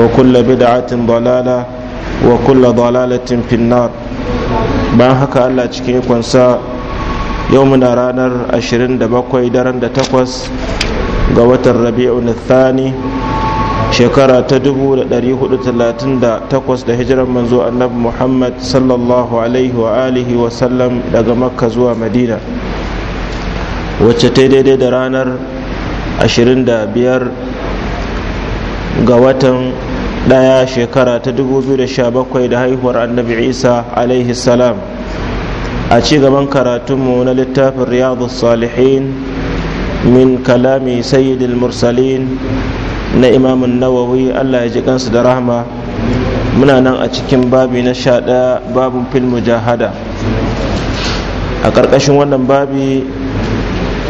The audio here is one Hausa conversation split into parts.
وكل بدعة ضلالة وكل ضلالة في النار ما هكا allah تشكين ikonsa يومنا رانر أشرين دبقوي درن دتقوس قوة الربيع الثاني shekara ta 1438 da hijirar manzo annabi muhammad sallallahu alaihi wa alihi wa sallam daga makka zuwa madina wacce ta daidai da ranar 25 ga watan daya shekara ta 2017 da haihuwar annabi isa alaihi salam a ci gaban karatunmu na littafin riyadu salihin min kalami sayyidil mursalin na imamun nawawi allah ya ji kansu da rahama muna nan a cikin babi na sha ɗaya babin filmu mujahada a ƙarƙashin wannan babi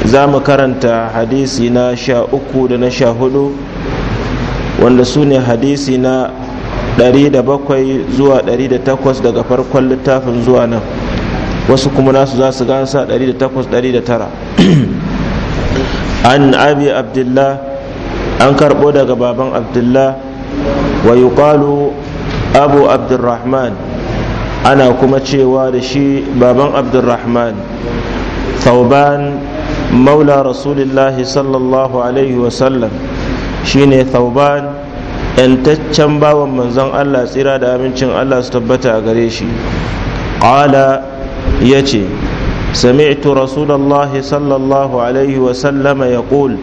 za mu karanta hadisi na sha uku da na sha hudu wanda su ne hadisi na 107 zuwa 108 daga farkon littafin zuwa nan wasu kuma nasu za su gansa 108-109 an abi abdullah an karbo daga baban abdullah wa yuqalu abu abdurrahman ana kuma cewa da shi baban abdurrahman thauban maula rasulillahi sallallahu alaihi wasallam shine thauban yantaccen bawan manzon Allah tsira da amincin Allah su tabbata a gare shi qala yace sami'tu rasulullahi sallallahu alaihi wa sallama yaqul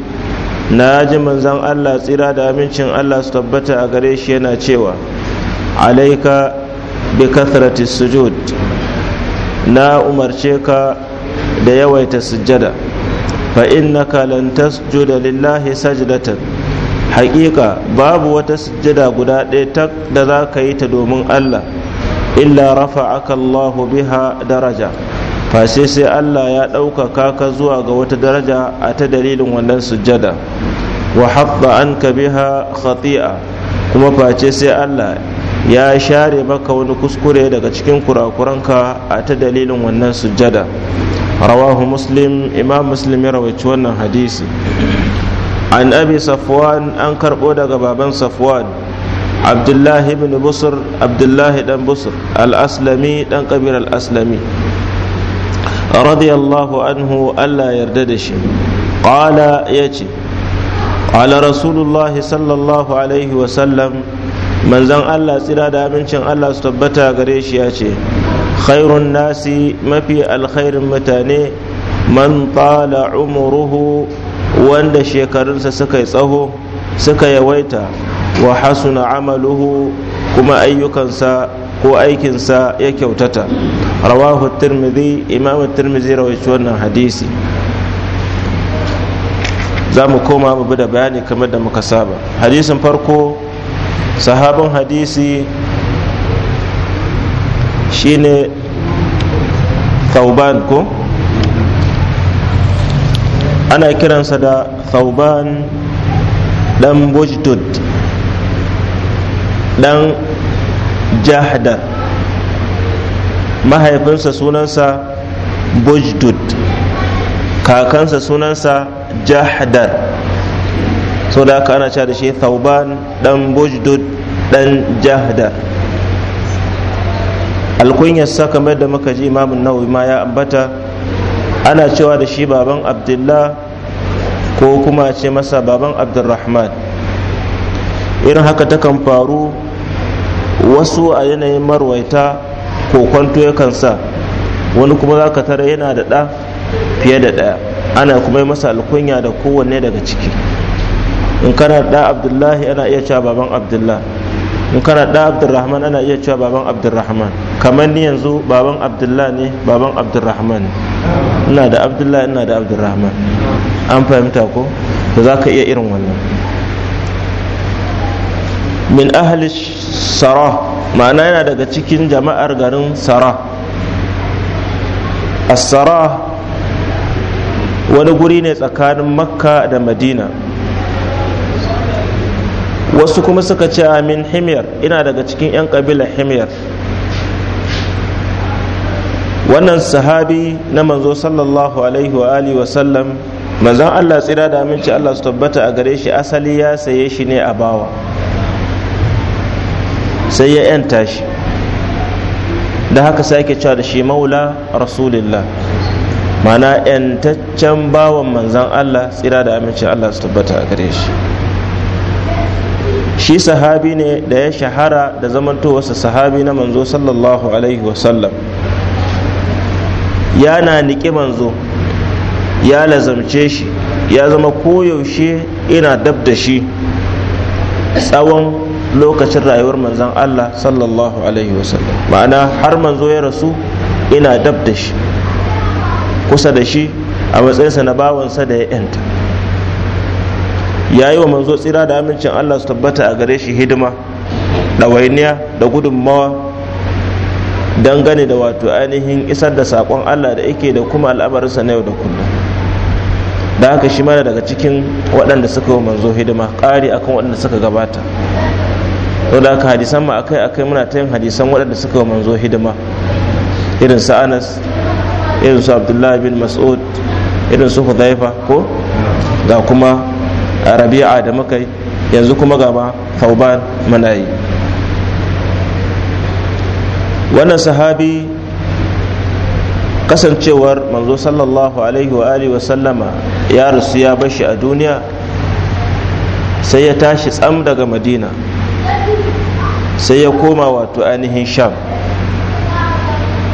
na ji manzon Allah tsira da amincin Allah su tabbata a gare shi yana cewa alaika bi kathrati sujud na umarce ka da yawaita sujada. fa innaka lan tasjuda lillahi sajdatan haƙiƙa babu wata sujjada guda ɗaya tak da za ka yi ta domin Allah illa rafa Allahu biha daraja fashe sai Allah ya ɗauka kaka zuwa ga wata daraja a ta dalilin wannan sujjada wa haɓa an ka biha khati'a kuma face sai Allah ya share maka wani kuskure daga cikin kurakuranka a ta dalilin wannan sujjada rawahu muslim imam muslim ya rawaici wannan hadisi an abi safwan an karbo daga baban safwan abdullahi ibn busur abdullahi dan busur al-aslami dan aslami radiyallahu anhu allah yarda da shi qala yace qala rasulullah sallallahu alaihi wa sallam manzon allah tsira da amincin allah su tabbata gare shi yace khairun nasi mafi alkhairin mutane man tala umuruhu wanda shekarunsa suka yi tsaho suka yawaita wa hasuna amaluhu kuma ayyukansa ko aikinsa ya kyautata rawahu tirmidhi imam tirmidhi rawaici wannan hadisi za mu koma mu da bayani kamar da muka saba hadisin farko sahabin hadisi shine tauban ko ana kiransa da thauban dan bujdud dan jahdar mahaifinsa sunansa bujdud kakansa sunansa jahdar sau da aka ana da shi thauban dan bujdud dan jahdar sa kamar da muka ji imamun nawawi ma ya ambata ana cewa da shi baban abdullah ko kuma ce masa baban abdulrahman irin haka takan faru wasu a yanayin marwaita ko kwanto yakan sa wani kuma za ka tara yana da ɗa fiye da ɗaya ana kuma yi masa alkunya da kowanne daga ciki in kana da abdullahi ana iya cewa baban abdullahi in kana ɗan abdurrahman ana iya cewa baban abdurrahman kamar ni yanzu baban abdullah ne baban abdurrahman ina da abdullah ina da abdurrahman an fahimta ko da za ka iya irin wannan min ahli sara ma'ana yana daga cikin jama'ar garin sara as-sara wani guri ne tsakanin makka da madina wasu kuma suka ce amin himyar ina daga cikin 'yan ƙabilar himyar wannan sahabi na manzo sallallahu alaihi wa alihi wasallam manzon allah tsira da aminci allah su tabbata a gare shi asali ya saye shi ne a bawa sai ya 'yanta shi da haka sake cewa da shi maula rasulillah mana 'yantaccen bawan manzon allah tsira da aminci allah su tabbata a gare shi shi sahabi ne da ya shahara da zamantowarsa sahabi na manzo sallallahu alaihi wasallam yana niƙi manzo ya lazamce shi ya zama koyaushe ina dab da shi tsawon lokacin rayuwar manzan Allah sallallahu alaihi wasallam ma'ana har manzo ya rasu ina dab da shi kusa da shi a matsayinsa na bawansa da ya 'yanta ya yi wa manzo tsira da amincin allah su tabbata a gare shi hidima ɗawainiya da gudunmawa dangane da wato ainihin isar da saƙon allah da yake da kuma al'amarinsa na yau da kullum da haka shi mana daga cikin waɗanda suka yi manzo hidima ƙari akan waɗanda suka gabata to da haka hadisan ma akai akai muna ta yin hadisan waɗanda suka yi manzo hidima irin su anas irin su abdullahi bin mas'ud irin su hudhaifa ko ga kuma rabi'a da muka yi yanzu kuma gaba fauban muna yi wannan sahabi kasancewar manzo sallallahu alaihi wa alihi wa sallama ya rasu ya bashi a duniya sai ya tashi tsam daga madina sai ya koma wato ainihin sham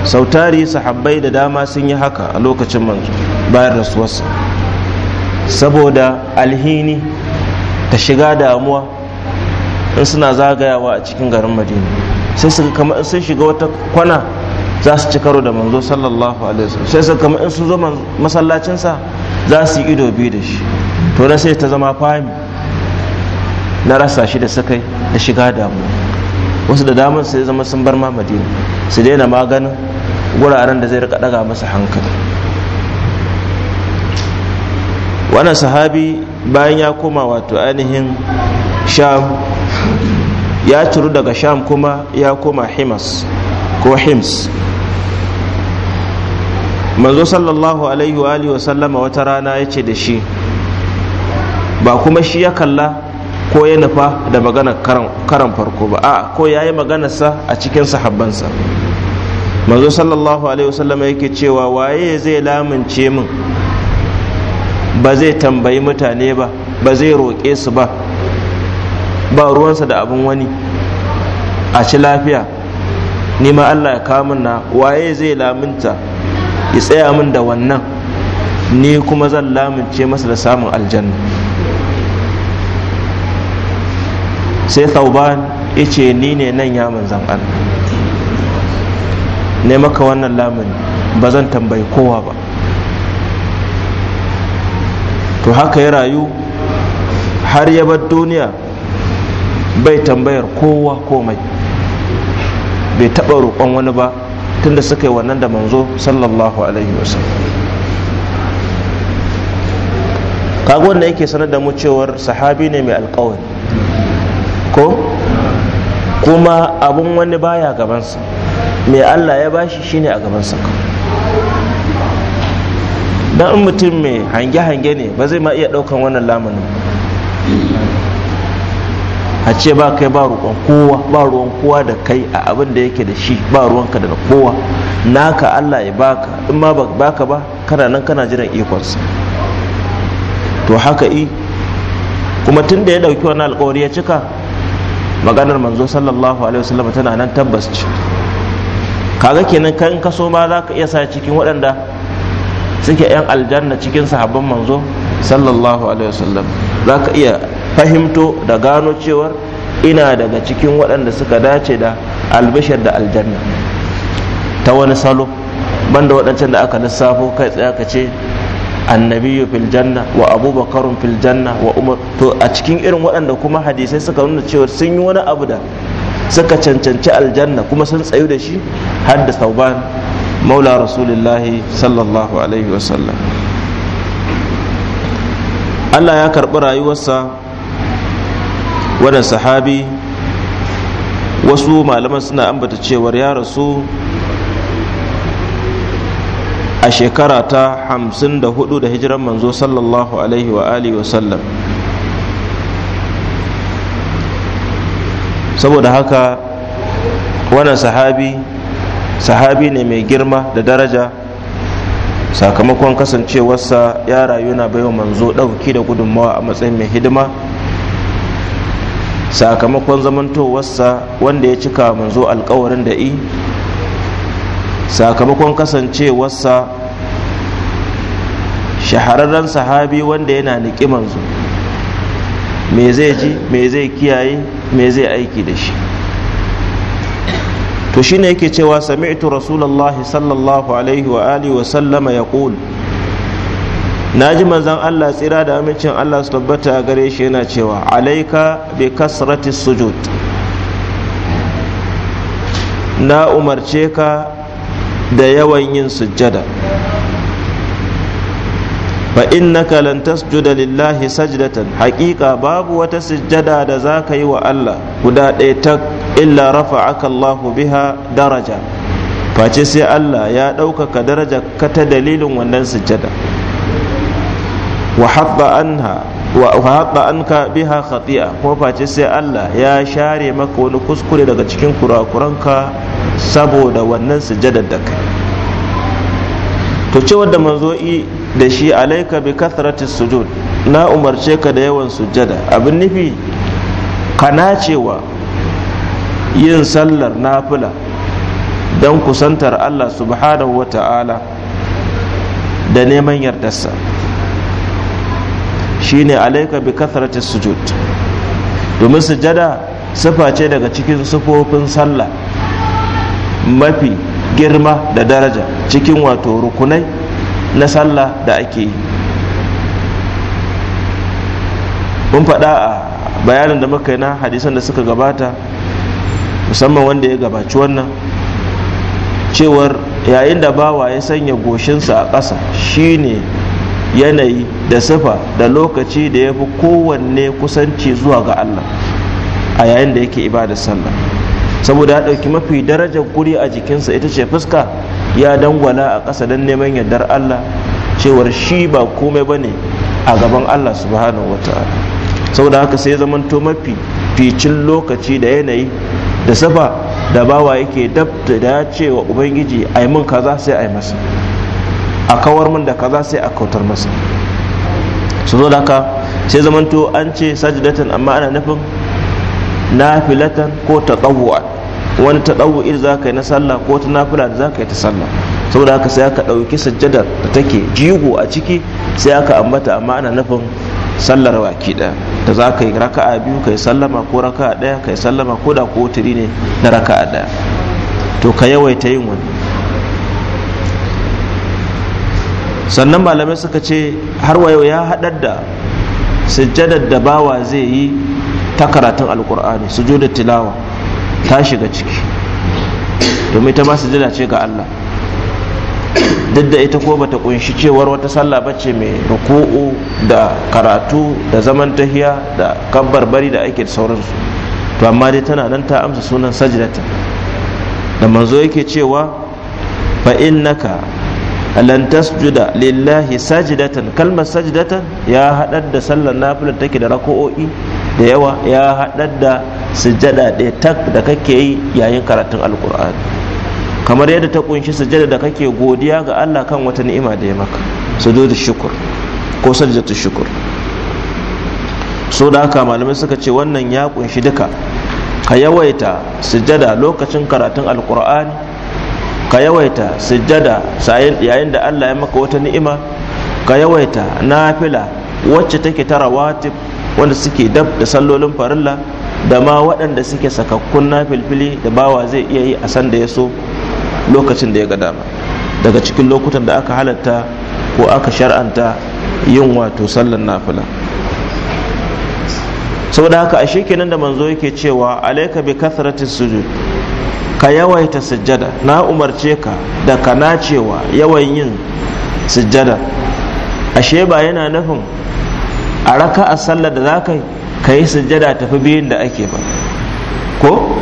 sautari sahabbai da dama sun yi haka a lokacin manzo bayan rasuwarsa saboda alhini ta shiga damuwa in suna zagayawa a cikin garin madina sai su kama sun shiga wata kwana za su ci karo da manzo sallallahu alaihi wasallam sai su kama in sun zo masallacinsa za su yi ido biyu da shi to na sai ta zama fami na rasa shi da sakai da shiga damuwa wasu da damar sai zama sun bar ma madina su daina maganin wuraren da zai rika daga masa hankali wannan sahabi bayan ya koma wato ainihin sham ya turu daga sham kuma ya koma himas ko hims manzo sallallahu alaihi wa alihi sallama wata rana ya ce da shi ba kuma shi ya kalla ko ya nufa da magana karan farko ba a ko ya yi maganarsa a cikin sahabbansa manzo sallallahu alaihi wasallama yake cewa waye zai lamince min ba zai tambayi mutane ba ba zai roƙe su ba ba ruwansa da abin wani a ci lafiya nima allah ya kamun na waye zai lamunta ya tsaya min da wannan ni kuma zan lamunce masa da samun aljanna sai ya ce ni ne nan ya zan ne maka wannan lamuni ba zan tambayi kowa ba to haka ya rayu har ya bar duniya bai tambayar kowa komai bai taɓa roƙon wani ba tunda suka yi wannan da manzo sallallahu alaihi wasallam kaga wanda yake sanar da mu cewar sahabi ne mai alƙawari ko kuma abun wani baya gabansa mai allah ya bashi shine a gabansa kawai dan in mutum mai hange-hange ne ba zai ma iya daukan wannan lamunin a ce ba kai ba roƙon kowa ba ruwan kowa da kai a abin da yake da shi ba ruwanka da kowa naka Allah ya baka in ma ba baka ba kana nan kana jiran ikonsa to haka i kuma tun da ya dauki wani alƙawari ya cika maganar manzo sallallahu alaihi wasallam tana nan tabbas ce kaga kenan kan kaso ma za ka iya sa cikin waɗanda suke yan aljanna cikin sahabban manzo sallallahu alaihi wasallam za ka iya fahimto da gano cewar ina daga cikin waɗanda suka dace da albishar da aljanna ta wani salo banda waɗancan da aka lissafo kai tsaye ka ce annabiyu fil janna wa abubakarun fil janna wa umar to a cikin irin waɗanda kuma hadisai suka nuna cewar sun yi wani abu da suka cancanci aljanna kuma sun tsayu da shi har da sauban maula rasulullahi sallallahu alaihi wasallam allah ya karɓi rayuwarsa wannan sahabi wasu malaman suna ambata cewar ya rasu a shekara ta hamsin da hudu da hijiran manzo sallallahu alaihi wa alihi wasallam saboda haka wannan sahabi sahabi ne mai girma da daraja sakamakon kasancewarsa ya rayu na baiwa manzo ɗauki da gudunmawa a matsayin mai hidima sakamakon zamantowarsa wanda ya cika manzo alkawarin da i sakamakon kasancewarsa shahararren sahabi wanda yana niki manzo me zai ji me zai kiyaye me zai aiki da shi to shine yake cewa sami'tu rasulullahi sallallahu alaihi wa alihi wa sallama Na ji manzon Allah tsira da amincin Allah su tabbata gare shi yana cewa alaika bi kasrati sujud na umarce ka da yawan yin sujjada fa innaka lan tasjuda lillahi sajdatan haqiqa babu wata sujjada da ka yi wa Allah guda ɗaya tak illa rafa'aka Allahu biha daraja face sai Allah ya ɗaukaka daraja ka ta dalilin wannan sujjada wa haɗa an ka biha khati'a kuma face sai Allah ya share maka wani kuskure daga cikin kurakuranka saboda wannan sujjadar da kai to cewar da manzo'i da shi alaika bi kathrati sujud na umarce ka da yawan sujjada abin nufi kana cewa yin sallar nafila don kusantar Allah subhanahu wa ta'ala da neman yardarsa shine alaika bi kathrati sujud domin sujada sufa ce daga cikin sufofin sallah mafi girma da daraja cikin wato rukunai na sallah da ake yi mun faɗa a bayanin da muka yi na hadisan da suka gabata musamman wanda ya gabaci wannan cewar yayin da bawa ya sanya goshinsa a ƙasa ne yanayi da sifa da lokaci da ya fi kowanne kusanci zuwa ga Allah a yayin da yake ibada sallah saboda ya ɗauki mafi darajar guri a jikinsa ita ce fuska ya dangwala a ƙasa don neman yardar Allah cewar shi ba komai ba ne a gaban Allah subhanahu wa saboda haka sai zamanto mafi ficin lokaci da yanayi da safa da bawa yake dab da wa ubangiji a yi min kaza sai a yi masa a kawar min da kaza sai a kautar masa su zo haka sai zamanto an ce sajidatan amma ana nufin nafilatan ko ta taqawwa wani taqawwu da za ka yi na sallah ko ta nafila da za ka yi ta sallah saboda haka sai aka ɗauki sajjadar da take jigo a ciki sai aka ambata amma ana nufin sallar waki ɗaya da za ka yi raka'a biyu kai sallama ko raka'a ɗaya kai yi sallama ko da kotiri ne na raka'a ɗaya to ka yawaita yin wani sannan malamai suka ce har wayo ya haɗar da sujjadar da bawa zai yi ta karatun alkur'ani da tilawa ta shiga ciki domin ta ma sujjada ce ga Allah duk da ita ko bata kunshi cewar wata sallah bace mai ruku'u da karatu da zaman tahiya da kabbar bari da ake sauransu to amma dai tana nan ta amsa sunan sajdata da manzo yake cewa fa innaka lan tasjuda lillahi sajdatan kalmar sajdatan ya haɗar da sallar nafilar take da rako'o'i da yawa ya haɗar da sujjada ɗaya tak da kake yi yayin karatun alkur'ani kamar yadda ta kunshi sujada da kake godiya ga Allah kan wata ni'ima da ya maka sujudu shukur ko sajjatu shukur so da haka malamai suka ce wannan ya kunshi duka ka yawaita sujada lokacin karatun alkur'ani ka yawaita sujada yayin da Allah ya maka wata ni'ima ka yawaita nafila wacce take tara watif wanda suke dab da sallolin farilla da ma waɗanda suke sakakkun na filfili da bawa zai iya yi a sanda ya so lokacin da ya ga dama daga cikin lokutan da aka halatta ko aka shar'anta yin wato sallan nafila saboda haka ashe kenan da manzo yake cewa alaika bi kasratis sujud ka yawaita sujjada na umarce ka da na cewa yawan yin sujjada ashe ba yana nufin a raka a sallar da za ka yi sujjada tafi biyun da ake ba ko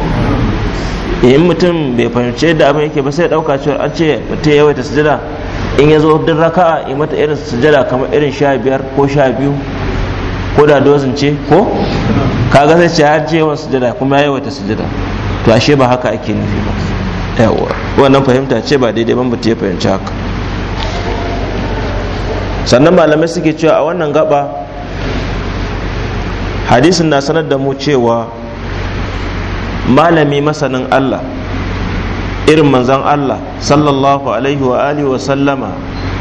in mutum bai fahimci yadda abin yake ba sai dauka cewa an ce mutum ya ta sujada in ya zo duk raka'a in mata irin sujada kamar irin sha biyar ko sha biyu ko da dozin ce ko kaga sai ce har yawan sujada kuma ya yawaita sujada to ashe ba haka ake nufi ba yawa wannan fahimta ce ba daidai ban mutum ya fahimci haka sannan malamai suke cewa a wannan gaba hadisin na sanar da mu cewa malami masanin Allah irin manzan Allah sallallahu alaihi wa alihi wa sallama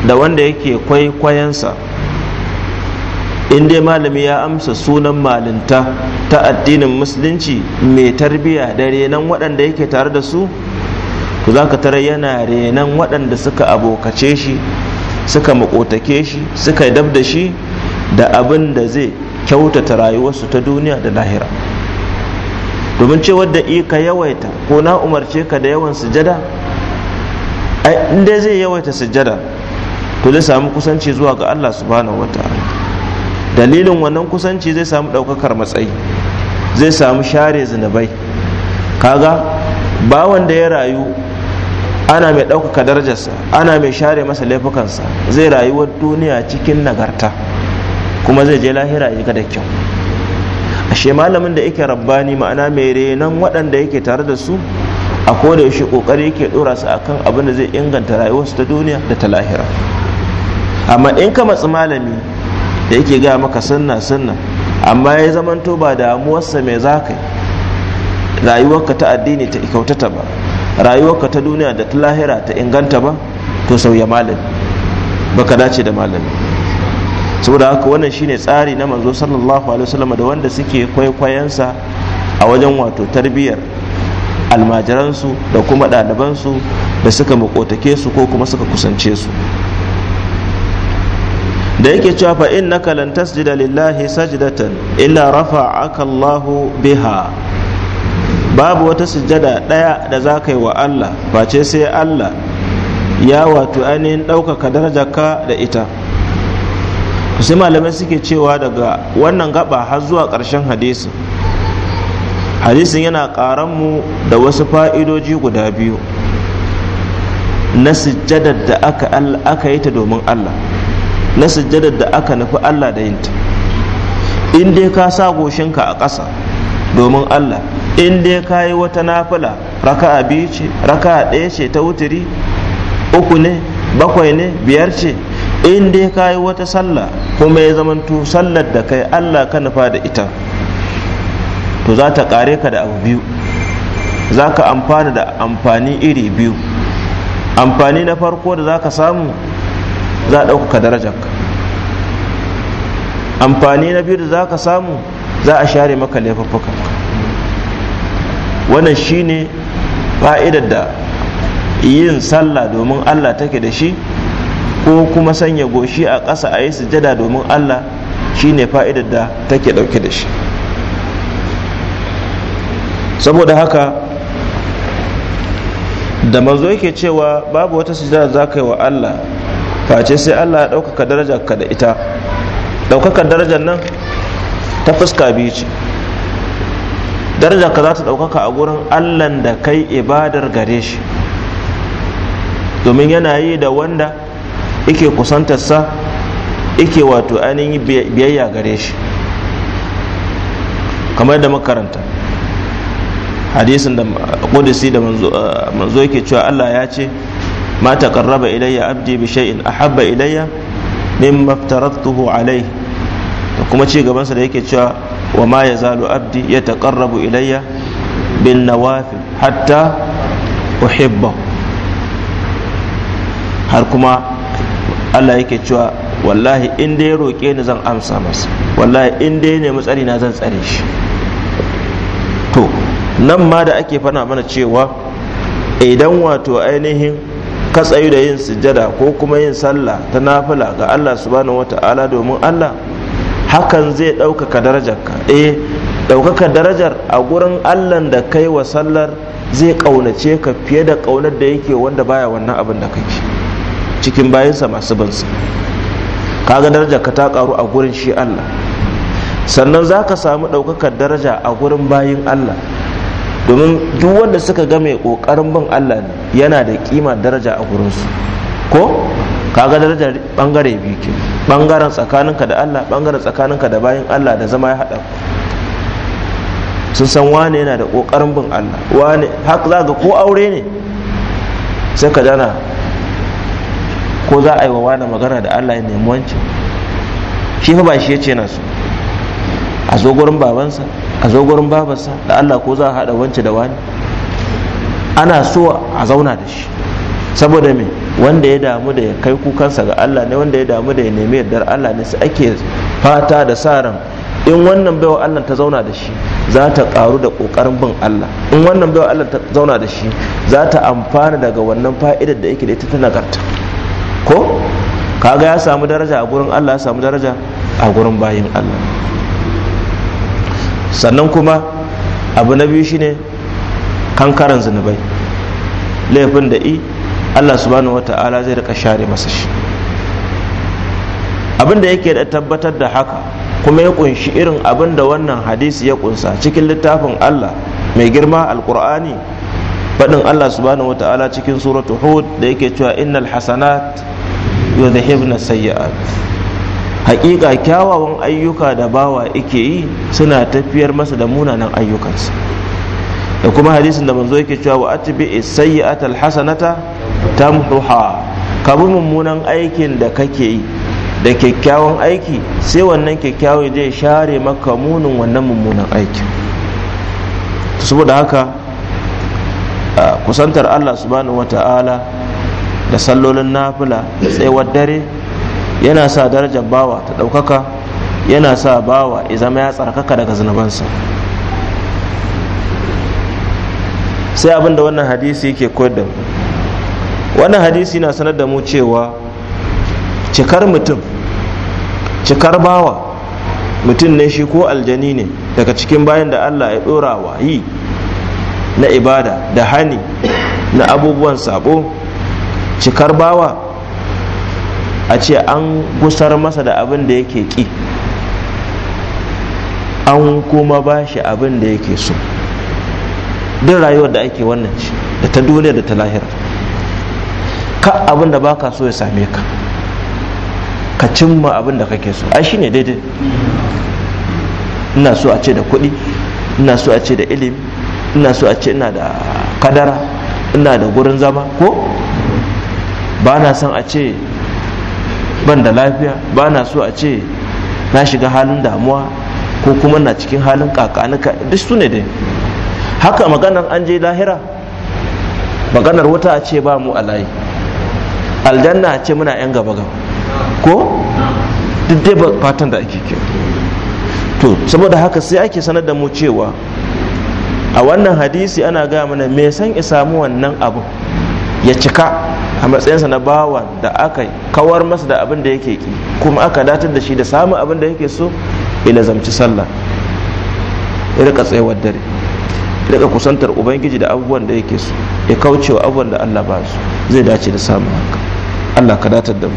da wanda yake kwaikwayensa in dai malami ya amsa sunan malinta ta addinin musulunci mai tarbiya da renan waɗanda yake tare da su to za ka tara yana renan waɗanda suka abokace shi suka makotake shi suka dab da shi da abin da zai kyautata rayuwarsu ta duniya da lahira. domin ce wadda ka yawaita ko na umarce ka da yawan sujada ai inda zai yawaita sujada to zai samu kusanci zuwa ga Allah subhanahu wataala dalilin wannan kusanci zai samu ɗaukakar matsayi zai samu share zinabai kaga ba wanda ya rayu ana mai ɗaukaka darajarsa ana mai share masa laifukansa zai rayuwar duniya cikin nagarta kuma zai je lahira ya ga da kyau ashe malamin da yake rabbani ma'ana mai renon waɗanda yake tare da su a koda yaushe kokari yake ɗora su akan abin da zai inganta rayuwarsu ta duniya da ta lahira amma in ka matsi malami da yake gaya maka sunna sunna amma ya zamanto ba damuwarsa mai zakai rayuwarka ta addini ta ikautata ba rayuwarka ta duniya da ta lahira ta inganta ba to sauya malami baka dace da malami saboda haka wannan shine tsari na manzo sallallahu alaihi wasallam da wanda suke kwaikwayansa a wajen wato tarbiyyar almajiransu da kuma ɗalibansu da suka makotake su ko kuma suka kusance su da yake cewa fa innaka lan tasjida lillahi sajdatan illa rafa'aka Allah biha babu wata sujjada ɗaya da za ka yi wa Allah face sai Allah ya wato ainihin ɗaukaka darajarka da ita sai malamai suke cewa daga wannan gaba har zuwa ƙarshen hadisin hadisin yana ƙaran mu da wasu fa'idoji guda biyu na sujjadar da aka yi ta domin Allah na sujjadar da aka nufi Allah da yinta in dai ka sa goshinka a ƙasa domin Allah in dai ka yi wata nafila raka'a biyu ce raka'a ɗaya ce ta wuturi uku ne bakwai ne biyar ce in dai ka yi wata sallah kuma ya zamanto sallar da kai allah ka nufa da ita to za ta kare ka da abu biyu za ka amfana da amfani iri biyu amfani na farko da za ka samu za a ɗaukaka darajarka amfani na biyu da za ka samu za a share maka laifuffuka wannan shine fa'idar da yin sallah domin allah take da shi ko kuma sanya goshi a ƙasa a yi sujada domin Allah shine fa'idar da take ɗauke da shi saboda haka da manzo yake cewa babu wata sujada za ka yi wa Allah face sai Allah ya ɗaukaka darajar ka da ita ɗaukakar darajar nan ta fuska biyu ce darajar ka za ta ɗaukaka a gurin Allahn da kai ibadar gare shi domin yana yi da wanda yake kusantarsa yake wato ainihin biyayya gare shi kamar da makaranta hadisin da kudisi da uh, manzo yake cewa Allah ya ce ma taqarraba ilayya abdi bi shay'in ahabba ilayya mimma aftaratuhu alai da kuma ci gabansa da yake cewa wa ma yazalu abdi ya yataqarrabu ilayya bin nawafil hatta uhibba har kuma Allah yake cewa wallahi in dai roƙe ni zan amsa masa wallahi in dai nemi tsari na zan tsare shi to nan ma da ake fana mana cewa idan wato ainihin ka tsayu da yin sujada ko kuma yin sallah ta nafila ga Allah subhanahu wata'ala domin Allah hakan zai ɗaukaka darajarka eh ɗaukaka darajar a gurin Allah da kai wa sallar zai ƙaunace ka fiye da ƙaunar da yake wanda baya wannan abin da kake cikin bayansa masu bansa kaga daraja ka ta karu a gurin shi Allah sannan za ka samu ɗaukakar daraja a gurin bayin Allah domin duk wanda suka ga mai ƙoƙarin bin Allah ne yana da kima daraja a gurinsu ko kaga daraja bangare biyu ke bangaren tsakaninka da Allah bangaren tsakaninka da bayin Allah da zama ya haɗa sun san wane yana da ƙoƙarin bin Allah wane haka za ga ko aure ne sai ka dana ko za a yi wa wani magana da Allah ya nemi wance? shi ba shi ya ce na so a zo gurin babansa a zo gurin babarsa da Allah ko za a haɗa wance da wani ana so a zauna da shi saboda me wanda ya damu da ya kai kukansa ga Allah ne wanda ya damu da ya nemi yardar Allah ne su ake fata da sa ran in wannan baiwa Allah ta zauna da shi za ta karu da kokarin bin Allah in wannan baiwa Allah ta zauna da shi za ta amfana daga wannan fa'idar da yake da ita ta nagarta ko kaga ya samu daraja a gurin Allah ya samu daraja a gurin bayin Allah sannan kuma abu na biyu shine kankaran zunubai laifin da i Allah subhanahu wata'ala zai rika share masa shi abin da yake da tabbatar da haka kuma ya kunshi irin abin da wannan hadisi ya kunsa cikin littafin Allah mai girma alkur'ani faɗin Allah subhanahu wata'ala cikin suratul hud da yake cewa innal hasanat yudhhibna sayyi'at hakika kyawawan ayyuka da bawa ike yi suna tafiyar masa da munanan ayyukansa da kuma hadisin da manzo yake cewa wa atbi sayyi'at alhasanata tamhuha ka bi mummunan aikin da kake yi da kyakkyawan aiki sai wannan kyakkyawan zai share maka munin wannan mummunan aikin saboda haka kusantar Allah subhanahu wata'ala da sallolin nafila da tsayawar dare yana sa darajar bawa ta ɗaukaka yana sa bawa ya zama ya tsarkaka daga zunubansa sai abinda da wannan hadisi yake koyar da mu wannan hadisi na sanar da mu cewa cikar mutum cikar bawa mutum ne shi ko aljani ne daga cikin bayan da allah ya ɗora wa yi na ibada da hani na abubuwan sabo cikar bawa a ce an gusar masa da abin da yake ki an kuma ba shi abin da yake so duk rayuwar da ake wannan ce da ta duniya da ta lahira ka abin da baka so ya same ka ka cimma abin da kake so ai shine daidai ina so a ce da kuɗi ina so a ce da ilimi ina so a ce ina da kadara ina da gurin zama ko ba na son a ce ban da lafiya ba na so a ce na shiga halin damuwa ko kuma na cikin halin kakanika duk su ne dai haka maganar an je lahira maganar wuta a ce ba mu a layi aljanna a ce muna 'yan gaba gaba ko duk dai fatan da ake ke to saboda haka sai ake sanar da mu cewa a wannan hadisi ana gaya mana me san ya samu wannan abu ya cika a matsayinsa na bawan da aka kawar masa da abin da yake ki kuma aka datar da shi da samun abin da yake so ila zamci sallah ya rika tsayawar dare ya rika kusantar ubangiji da abubuwan da yake so ya kauce wa abubuwan da allah ba su zai dace da samun haka allah ka datar da mu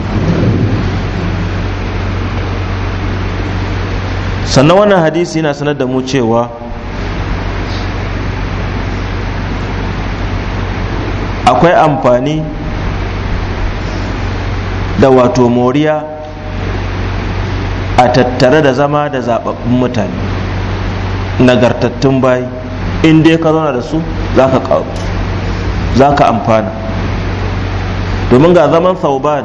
sannan wannan hadisi yana sanar da mu cewa akwai amfani da wato moriya a tattare da zama da zababbun mutane nagartattun bayi in dai ka zauna da su za ka amfana domin ga zaman sauban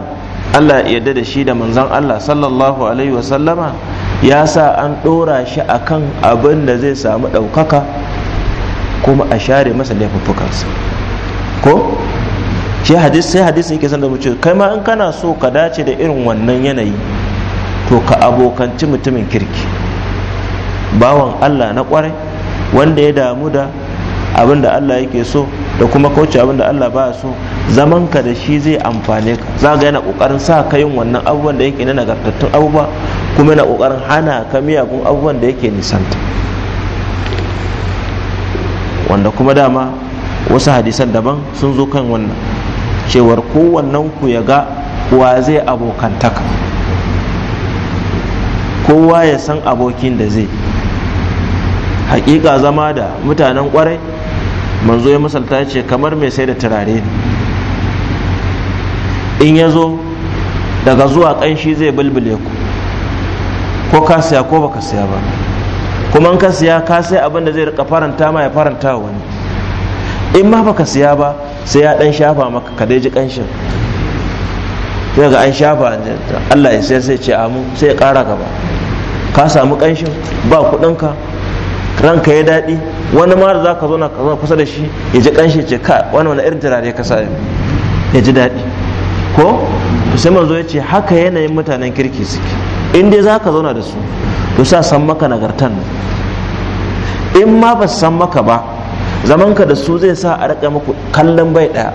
allah yarda da shi da manzan allah sallallahu alaihi wasallama ya sa an ɗora shi a kan abin da zai samu ɗaukaka kuma a share masa laifuffukansa ko shi hadis sai hadisi yake san da mu kai ma in kana so ka dace da irin wannan yanayi to ka abokanci mutumin kirki bawan Allah na kwarai wanda ya damu da abin da Allah yake so da kuma kauce abin da Allah ba so zaman ka da shi zai amfane ka za ga yana kokarin sa ka yin wannan abubuwan da yake na nagartattun abubuwa kuma yana kokarin hana ka miyagun abubuwan da yake nisanta wanda kuma dama wasu hadisan daban sun zo kan wannan cewar kowannen ku ya ga wa zai abokantaka kowa ya san abokin da zai hakika zama da mutanen kwarai manzo ya misalta ce kamar mai sai da turare ne in ya zo daga zuwa kanshi zai bulbule ku ko ka siya ko baka siya ba kuma in ka siya ka sai abin da zai rika faranta ma ya faranta wani in ma baka siya ba sai ya dan shafa maka ka dai ji kanshin sai ga an shafa Allah ya sai sai ce amu sai ya kara gaba ka samu kanshin ba ka ranka ya daɗi wani ma da za ka zauna ka kusa da shi ya ji kanshi ce ka wani wani irin turare ka sai ya ji daɗi ko sai manzo ya ce haka yanayin mutanen kirki suke in dai za ka zauna da su to sa san maka nagartan in ma ba san maka ba zamanka da su zai sa a raka muku kallon bai ɗaya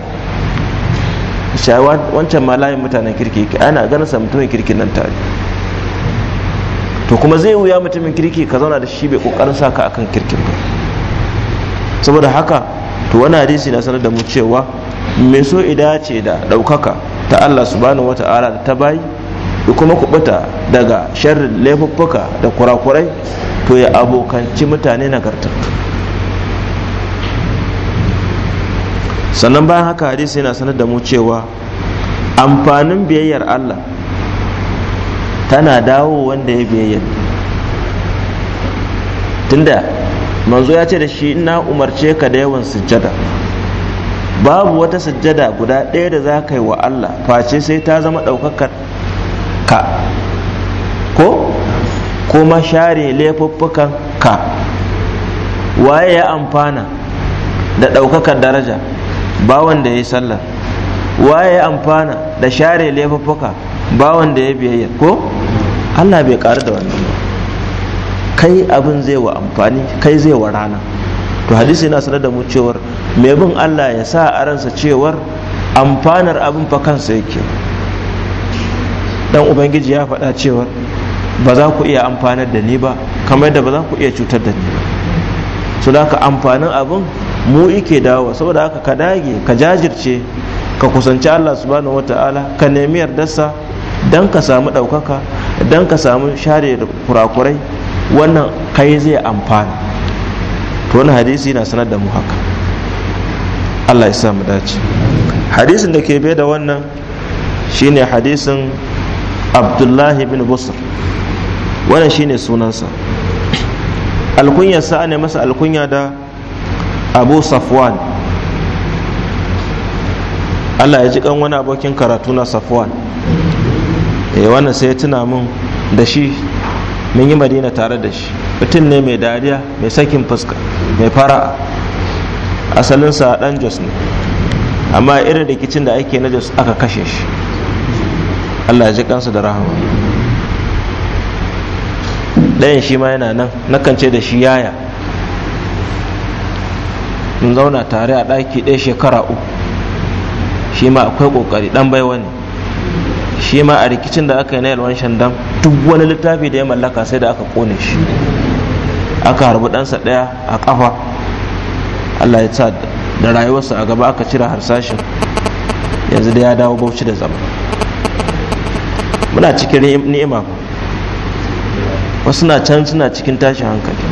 wancan ma layin mutanen kirki ke ana ganin sa mutumin kirki nan tare to kuma zai wuya mutumin kirki ka zauna da shi bai kokarin sa ka akan kirkin ba saboda haka to wani hadisi na sanar da mu cewa mai so ida ce da ɗaukaka ta Allah subhanahu wata'ala da ta bayi da kuma kubuta daga sharrin laifuffuka da kurakurai to ya abokanci mutane nagartattu sannan bayan haka hadisi yana sanar da mu cewa amfanin biyayyar Allah tana dawo wanda ya biyayya tunda manzo ya ce da shi ina umarce ka da yawan sujjada babu wata sujjada guda ɗaya da za ka yi wa Allah face sai ta zama ɗaukakar ka ko kuma share laifuffukan ka waye ya amfana da ɗaukakar daraja bawan da ya yi sallah waye amfana da share laifuffuka bawan da ya biyayya ko Allah bai ƙaru da wannan ba kai abin zai wa amfani kai zai wa rana to hadisi yana sanar da mu cewar mai bin Allah ya sa a ransa cewar amfanar abin fa kansa yake dan ubangiji ya faɗa cewar ba za ku iya amfanar da ni ba kamar yadda ba za ku iya cutar da ni ba su da amfanin abin mu ike dawo saboda haka ka dage ka jajirce ka kusanci Allah subhanahu wata'ala ka nemi yardarsa dan ka samu ɗaukaka dan ka samu share da kurakurai wannan kai zai amfana to wani hadisi na sanar da mu haka Allah ya sa mu dace hadisin da ke bai da wannan shine hadisin abdullahi bin busr wannan shine sunansa alkunyarsa ne masa alkunya da abu safwan allah ya ji kan wani abokin karatu na safwan ya eh, wani sai ya tuna min da shi mun yi madina tare da shi mutum ne mai dariya mai sakin fuska mai fara'a asalinsa dan jos ne amma irin rikicin da ake na jos aka kashe shi allah ya ji kansa da rahama ɗayan shi ma yana nan nakan ce da shi yaya sun zauna tare a ɗaki ɗaya shekara uku shi ma akwai ƙoƙari ɗan baiwa ne shi ma a rikicin da aka yi na yalwan shandam duk wani littafi da ya mallaka sai da aka kone shi aka harbi ɗansa ɗaya a ƙafa allah ya sa da rayuwarsa a gaba aka cire harsashin yanzu da ya dawo bauchi da zama muna cikin ni'ima wasu na can suna cikin tashin hankali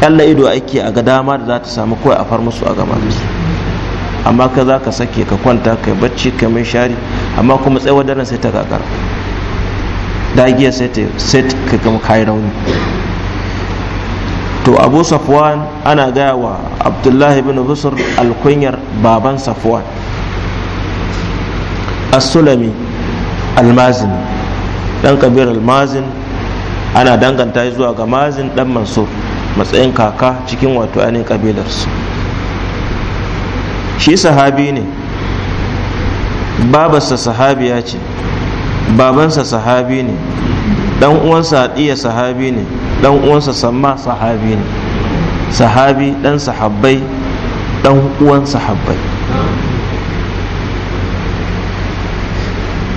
kyalla ido ake a ga dama da za ta samu kawai a far musu a gama da amma ka za ka sake ka kwanta kai bacci ka mai shari amma kuma tsawon daren sai ta gagara dagiya sai ta sai ka gama kayi rauni to abu safwan ana gaya wa abdullahi bin busur alkunyar baban safwan as-sulami almazin dan kabir almazin ana danganta zuwa ga mazin dan mansur matsayin kaka cikin wato ainihin kabilarsu shi sahabi ne babarsa sahabiya ce babansa sahabi ne dan uwansa hadiya sahabi ne dan uwansa samma sahabi ne sahabi dan sahabbai dan uwan sahabbai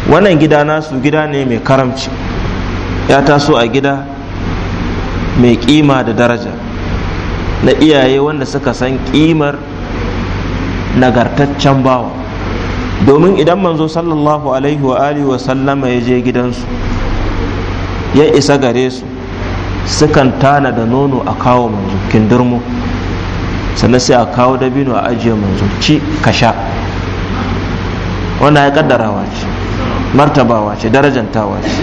wannan gida nasu gida ne mai karamci ya taso a gida mai kima da daraja na iyaye wanda suka san kimar nagartaccen bawa domin idan manzo sallallahu alaihi wa alihi wa sallama ya je gidansu ya isa gare su sukan tana da nono a kawo manzo kindirmo sannan sai a kawo dabino a ajiye manzo ci ka sha wanda ya kaddarawa ce martabawa ce darajantawa ce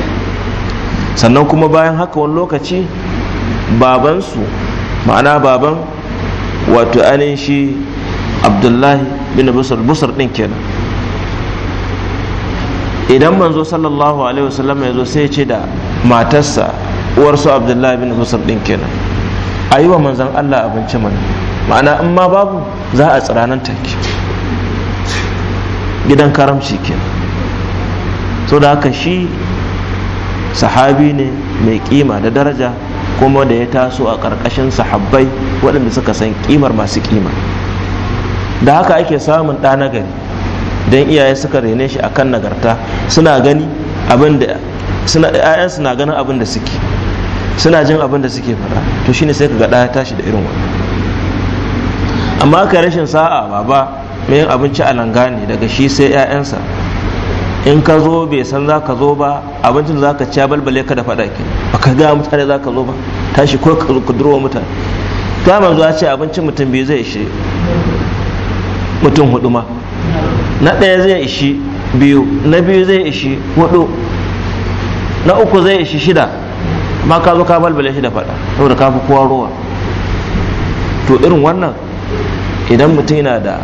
sannan kuma bayan haka wani lokaci babansu ma'ana baban wato anin shi abdullahi bin busar busar din kenan idan manzo sallallahu alaihi wasallam ya zo sai ce da matarsa uwarsu abdullahi bin busar din kenan a yi wa manzan allah abinci mana ma'ana in ma babu za a tsiranan take gidan karamci kenan so da haka shi sahabi ne mai kima da daraja kuma da ya taso a ƙarƙashin sahabbai waɗanda suka san ƙimar masu ƙima da haka ake samun ɗa na don iyaye suka rene shi akan nagarta suna gani abin da suna na ganin abin da suke suna jin abin da suke faɗa to shine sai kaga ɗaya tashi da irin wannan amma ka rashin sa'a baba mai abinci a langa ne daga shi sai 'ya'yansa in ka zo bai san za ka zo ba abincin za ka ciya balbale ka da faɗa ke ba ka gaya mutane za ka zo ba tashi ko ka zo kudurwa mutane gama zuwa ce abincin mutum biyu zai ishe mutum hudu ma na ɗaya zai ishi biyu na biyu zai ishi hudu na uku zai ishi shida ma ka zo ka balbale shi da faɗa saboda ka fi kowa ruwa to irin wannan idan mutum yana da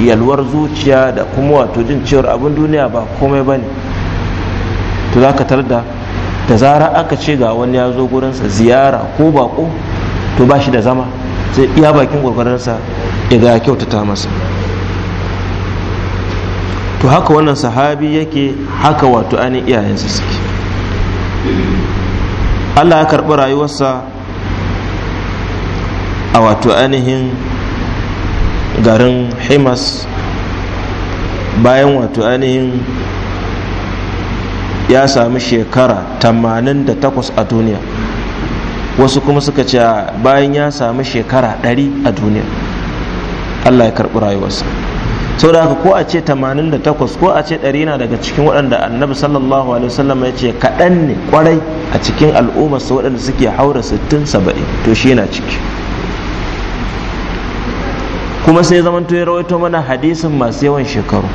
yalwar zuciya da kuma wato jin cewar abin duniya ba komai ba ne to za ka tarda da zara aka ce ga wani ya zo gurinsa ziyara ko bako to ba shi da zama sai iya bakin gwagwaransa ya ga kyautata masa to haka wannan sahabi yake haka wato ani iyayensa suke allah ya karɓi rayuwarsa a wato ainihin garin himas bayan wato ainihin ya sami shekara 88 a duniya wasu kuma suka ce ah, bayan ya sami shekara 100 a duniya allah ya karɓi rayuwarsa sau da haka ko a ce 88 ko a ce 100 na daga cikin waɗanda annabi sallallahu alaihi wasallam ya ce kaɗan ne kwarai a cikin al'ummarsa waɗanda suke haura 60 70 to shi yana ciki kuma sai zamanto ya rawaito mana hadisin masu yawan shekaru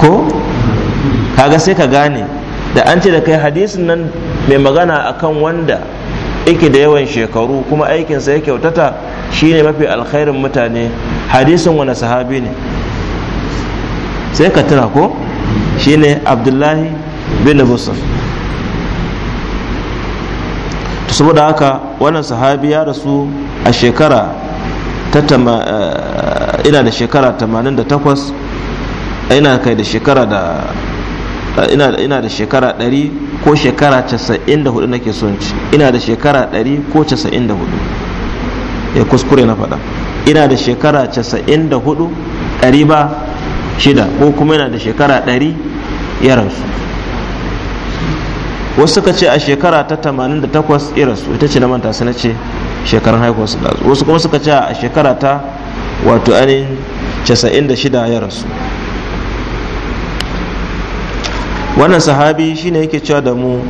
ko kaga sai ka gane da an ce da kai hadisin nan mai magana akan wanda yake da yawan shekaru kuma aikinsa ya kyautata shine mafi alkhairin mutane hadisin wani sahabi ne sai ka tira ko shine abdullahi bin busr saboda haka wannan sahabi ya rasu a shekara Eh, ina da shekara 88 ina kai da shekara da eh, ina da shekara 100 ko shekara 94 nake son ci ina da shekara 100 ko 94 ya eh, kuskure na faɗa ina da shekara 94 ɗari ba shida ko kuma ina da shekara 100 ya rasu wasu suka ce a shekara ta 88 irinsu ita ce na manta su na ce shekarun haihuwar su wasu kuma suka ce a shekara ta wato anin 96 ya rasu wannan sahabi shine yake cewa da mu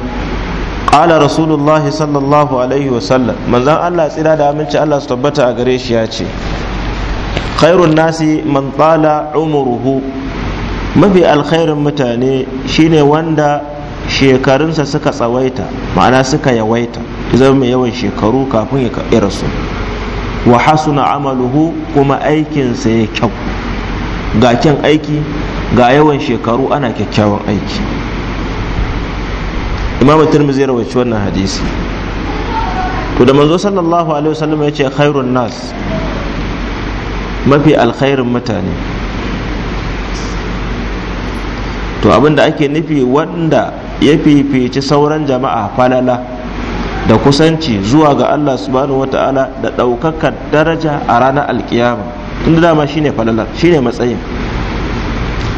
ala rasulullahi sallallahu alaihi wasallam manzan allah tsira da aminci allah su tabbata a gare shi ya ce khairun nasi man tsala umuruhu mafi alkhairin mutane shine wanda shekarunsa suka tsawaita ma'ana suka yawaita zama mai yawan shekaru kafin ya rasu wa hasuna amaluhu kuma aikinsa ya kyau ga kyan aiki ga yawan shekaru ana kyakkyawan aiki imam turmi zai rawaci wannan hadisi to da manzo sallallahu alaihi wasallam ya ce khairun nas mafi alkhairin mutane to abinda ake nufi wanda ya fifici sauran jama'a falala da kusanci zuwa ga Allah subhanahu wata'ala da daukakar daraja a ranar alkiyama tunda dama shine falalar shine matsayin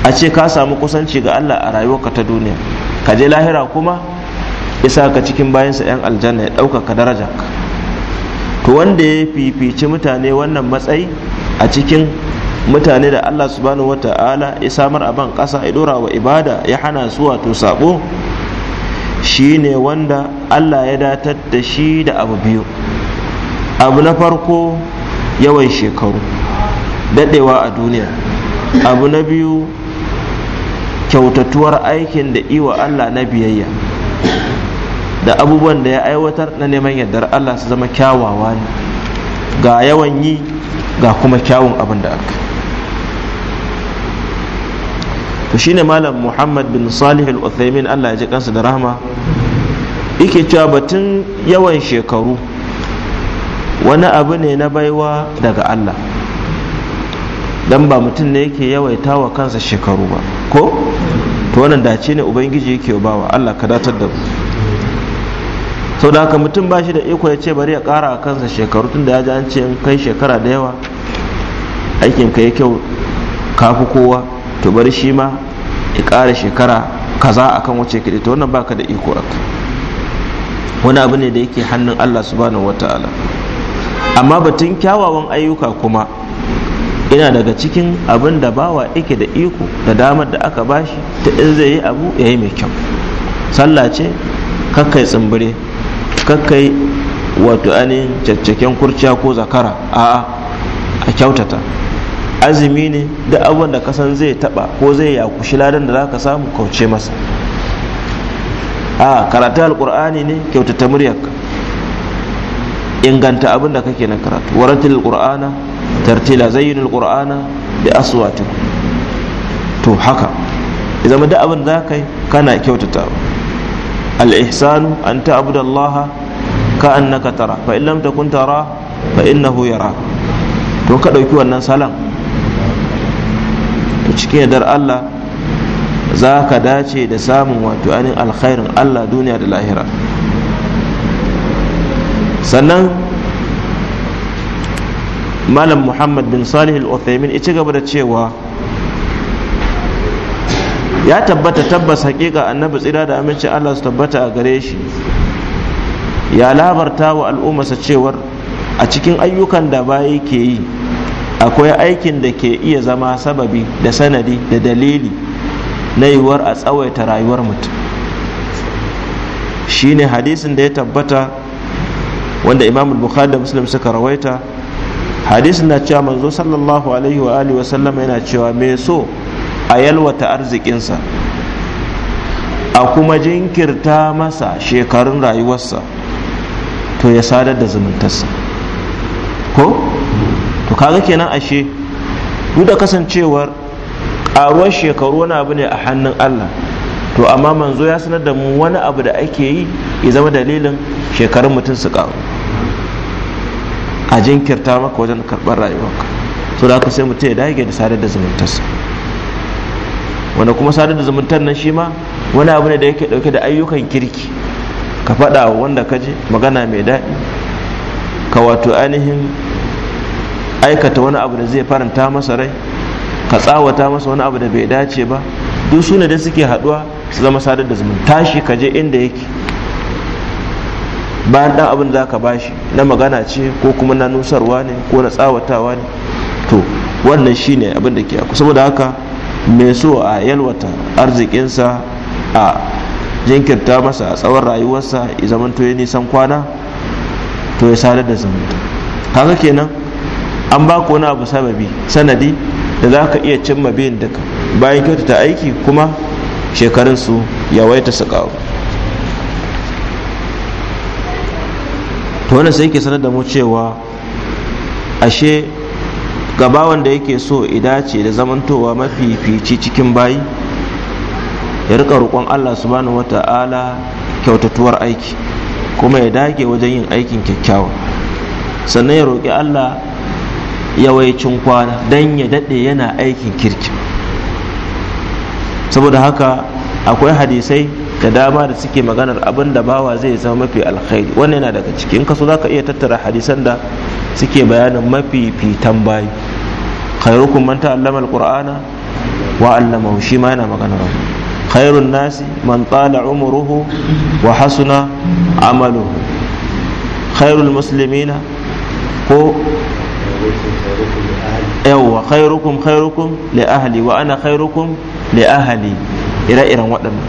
a ce ka samu kusanci ga Allah a rayuwarka ta duniya ka je lahira kuma isa ka cikin bayansa 'yan aljanna ya ɗaukaka daraja. to wanda ya fifici mutane wannan matsayi a cikin mutane da Allah subhanahu wata'ala ya samar a ban kasa ya dora wa ibada ya hana su wato sabo Shi ne wanda Allah ya datar da shi da abu biyu abu na farko yawan shekaru dadewa a duniya abu na biyu kyautatuwar aikin da iwa Allah na biyayya da abubuwan da ya aiwatar na neman yardar Allah su zama kyawawa ne ga yawan yi ga kuma kyawun abin da aka yi. to shine malam muhammad bin salih al-uthaymin allah ya ji kansa da rahama yake cewa batun yawan shekaru wani abu ne na baiwa daga allah dan ba mutum ne yake yawaita wa kansa shekaru ba ko to wannan dace ne ubangiji yake bawa allah ka datar da sau da haka mutum ba shi da iko ya ce bari ya kara a kansa shekaru tunda da ya ji an ce kai shekara da yawa aikin ka ya kyau kafi kowa to bari shi ma ya ƙara shekara kaza akan wace ka to wannan baka da iko akan wani abu ne da yake hannun Allah su subhanahu wata'ala amma batun kyawawan ayyuka kuma ina daga cikin abin da bawa yake da iko da damar da aka bashi ta in zai yi abu ya yi mai kyau sallah ce kakkai tsimbire kakkai wato ainihin caccaken kurciya ko zakara a'a a kyautata azumi ne da abubuwan da kasan zai taba ko zai yakushi ladan da za ka samu kauce masa a karatu alkur'ani ne kyautata muryarka inganta abin da kake na karatu waratil alkur'ana tartila zayyinul qur'ana da aswatin to haka zama da abin ka kai kana kyautata al ihsanu an ta'budu allaha ka annaka tara fa in lam takun tara fa innahu yara to ka dauki wannan salan cikin yardar Allah za ka dace da samun wato ainihin alkhairin Allah duniya da lahira sannan malam muhammad bin salih al-uthaymin ya ci gaba da cewa ya tabbata tabbas hakika annabi tsira da aminci Allah su tabbata a gare shi ya labarta wa al'ummarsa cewar a cikin ayyukan da baya ke yi akwai aikin da ke iya zama sababi da sanadi da dalili na yiwuwar a tsawaita rayuwar mutum Shi ne hadisin da ya tabbata wanda imam bukhari da muslim suka rawaita hadisin na cewa manzo sallallahu alaihi wa alihi wasallam yana cewa me so a yalwata arzikinsa a kuma jinkirta masa shekarun rayuwarsa to ya sadar da zumuntarsa ko to kaga kenan ashe duk da kasancewar karuwar shekaru wani abu ne a hannun Allah to amma manzo ya sanar da mu wani abu da ake yi ya zama dalilin shekarun mutum su karu a jinkirta maka wajen karɓar rayuwarka so da aka sai mutum ya dage da sadar da zumuntarsa wanda kuma sadar da zumuntar nan shi ma wani abu ne da yake dauke da ayyukan kirki ka faɗa wanda ka ji magana mai daɗi ka wato ainihin aikata wani abu da zai faranta masa rai ka tsawata masa wani abu da bai dace ba duk su ne da suke haduwa su zama sadar da zumunta shi ka je inda yake bayan dan abin da ka bashi na magana ce ko kuma na nusarwa ne ko na tsawatawa ne to wannan shine abin da ke aku saboda haka mai so a yalwata arzikinsa a jinkirta masa a tsawon rayuwarsa i zamanto ya nisan kwana to ya sadar da zumunta kaga kenan an ba ku wani abu sababi sanadi da za ka iya cimma biyan duka bayan kyautata aiki kuma shekarunsu yawaita su kawo to sai ke sanar da mu cewa ashe gaba wanda yake so idace da zamantowa mafifici cikin bayi ya rika roƙon allah subhanahu wata'ala kyautatuwar aiki kuma ya dage wajen yin aikin kyakkyawa sannan ya roƙi allah yawaicin kwana don ya daɗe yana aikin kirki saboda haka akwai hadisai da dama da suke maganar abin da bawa zai zama mafi alkhairi wannan yana daga ciki in kaso za ka iya tattara hadisan da suke bayanin mafi fitan bayi khairukum man ta'allama alqur'ana wa 'allamahu shi ma yana maganar khairun nasi man tsala umruhu wa hasuna amaluhu khairul muslimina ko yawwa khairukum khairukum li ahli wa ana khairukum li ahli ire-iren waɗannan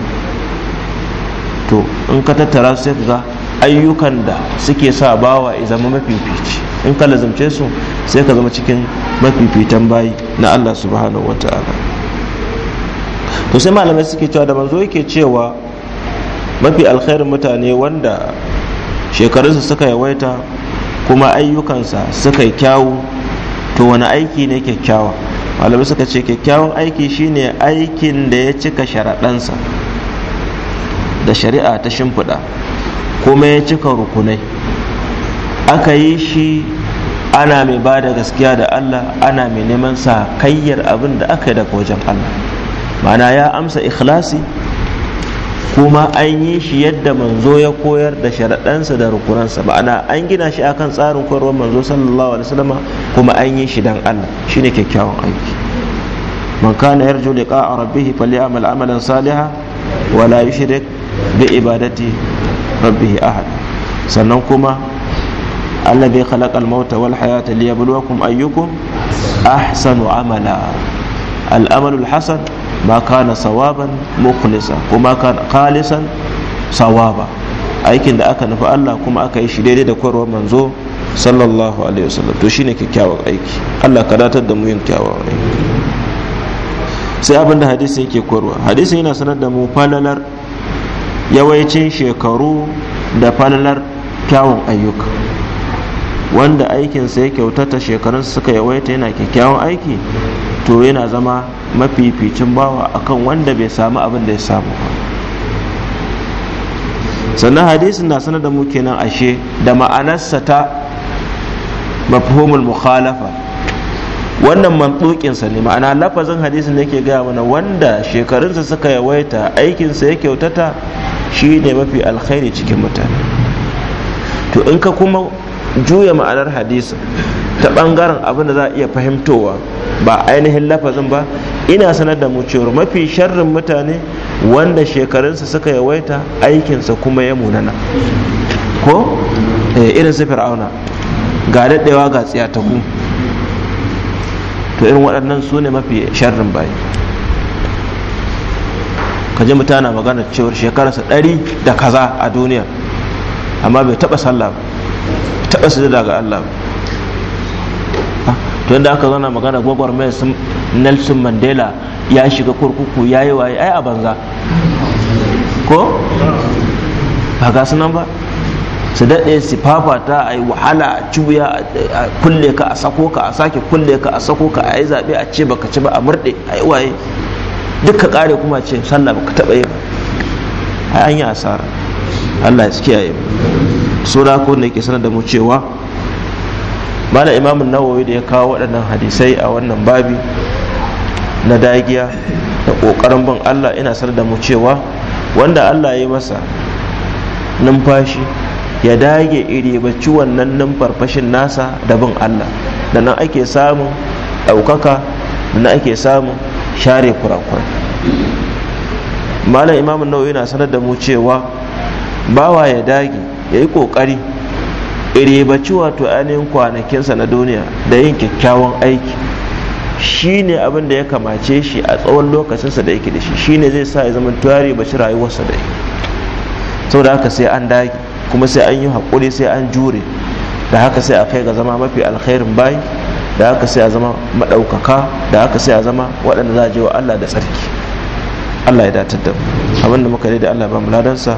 to in ka tattara su sai ga ayyukan da suke sa bawa ya zama mafifici in ka lazimce su sai ka zama cikin mafifitan bayi na Allah subhanahu wata'ala to sai malamai suke cewa da manzo yake cewa mafi alkhairin mutane wanda shekarunsa suka yawaita kuma ayyukansa suka yi kyawu to wani aiki ne kyakkyawa malamai suka ce kyakkyawan aiki shine aikin da ya cika sharaɗansa da shari'a ta shimfiɗa kuma ya cika rukunai aka yi shi ana mai ba da gaskiya da allah ana mai neman sa kayyar abin da aka yi daga wajen allah mana ya amsa ikhlasi kuma an yi shi yadda manzo ya koyar da sharaɗansa da rukunansa ma'ana an gina shi akan tsarin koyarwar manzo sallallahu alaihi wasallam kuma an yi shi dan Allah shine kyakkyawan aiki man kana yarju liqa'a rabbih falyamal amalan salihan wa la yushrik bi ibadati rabbih ahad sannan kuma alladhi khalaqa al-mauta wal hayata liyabluwakum ayyukum ahsanu amala al-amalu al-hasan ma kana sawaban mukhlisa ko ma kana khalisan sawaba aikin da aka nufi Allah kuma aka yi shi daidai da kwarwa manzo sallallahu alaihi wasallam to shine kyakkyawan aiki Allah ka datar da mu yin aiki sai abin da hadisi yake koyarwa hadisi yana sanar da mu falalar yawancin shekaru da falalar kyawun ayyuka wanda aikinsa ya kyautata shekarunsa suka yawaita yana kyakkyawan aiki to yana zama mafificin bawa akan wanda bai samu abin da ya samu sannan hadisin na sanar da mu kenan ashe da ma'anarsa ta mafhumul mukhalafa wannan mantukinsa ne ma'ana lafazin hadisin da yake gaya mana wanda shekarunsa suka yawaita aikinsa ya kyautata shi ne mafi alkhairi cikin mutane to in ka kuma juya ma'anar hadisin ta bangaren abin da za a iya fahimtowa ba ainihin lafazin ba ina sanar da mu cewar mafi sharrin mutane wanda shekarunsa suka yawaita aikinsa kuma ya munana ko eh, irin su fir'auna ga daɗewa ga tsiyataku to irin waɗannan su ne mafi sharrin bayi ka ji mutane magana cewar shekararsa ɗari da kaza a duniya amma bai taɓa sallah taɓa sujada ga allah ba tun da aka zana magana gwagwar mai nelson mandela ya shiga kurkuku ya yi waye ai a banza ko ba ga sunan ba su daɗe su fafata a yi wahala a cuya a kulle ka a sako ka a sake kulle ka a sako ka a yi zaɓe a ce baka ci ba a murɗe a yi waye duk ka ƙare kuma ce sallah baka taɓa yi ba ai an yi asara allah ya kiyaye ba. sura ko ne ke sanar da mu cewa mala imamun nawawi da ya kawo waɗannan hadisai a wannan babi na dagiya da ƙoƙarin bin allah ina sar da mu cewa wanda allah ya yi masa numfashi ya dage iri wannan numfarfashin nasa da bin allah da nan ake samun ɗaukaka da nan ake samun share kurakurai malam imamun nawawi na sanar da mu cewa bawa ya dage ya yi ƙoƙari ribaci wato ainihin kwanakinsa na duniya da yin kyakkyawan aiki shi ne abin da ya kamace shi a tsawon lokacinsa da yake da shi shi ne zai sa ya zama tuwa ribaci rayuwarsa da yi sau da haka sai an dage kuma sai an yi haƙuri sai an jure da haka sai a kai ga zama mafi alkhairin bayi da haka sai a zama maɗaukaka da haka sai a zama waɗanda za a je wa Allah da tsarki Allah ya datar da mu abinda muka da Allah ba muladansa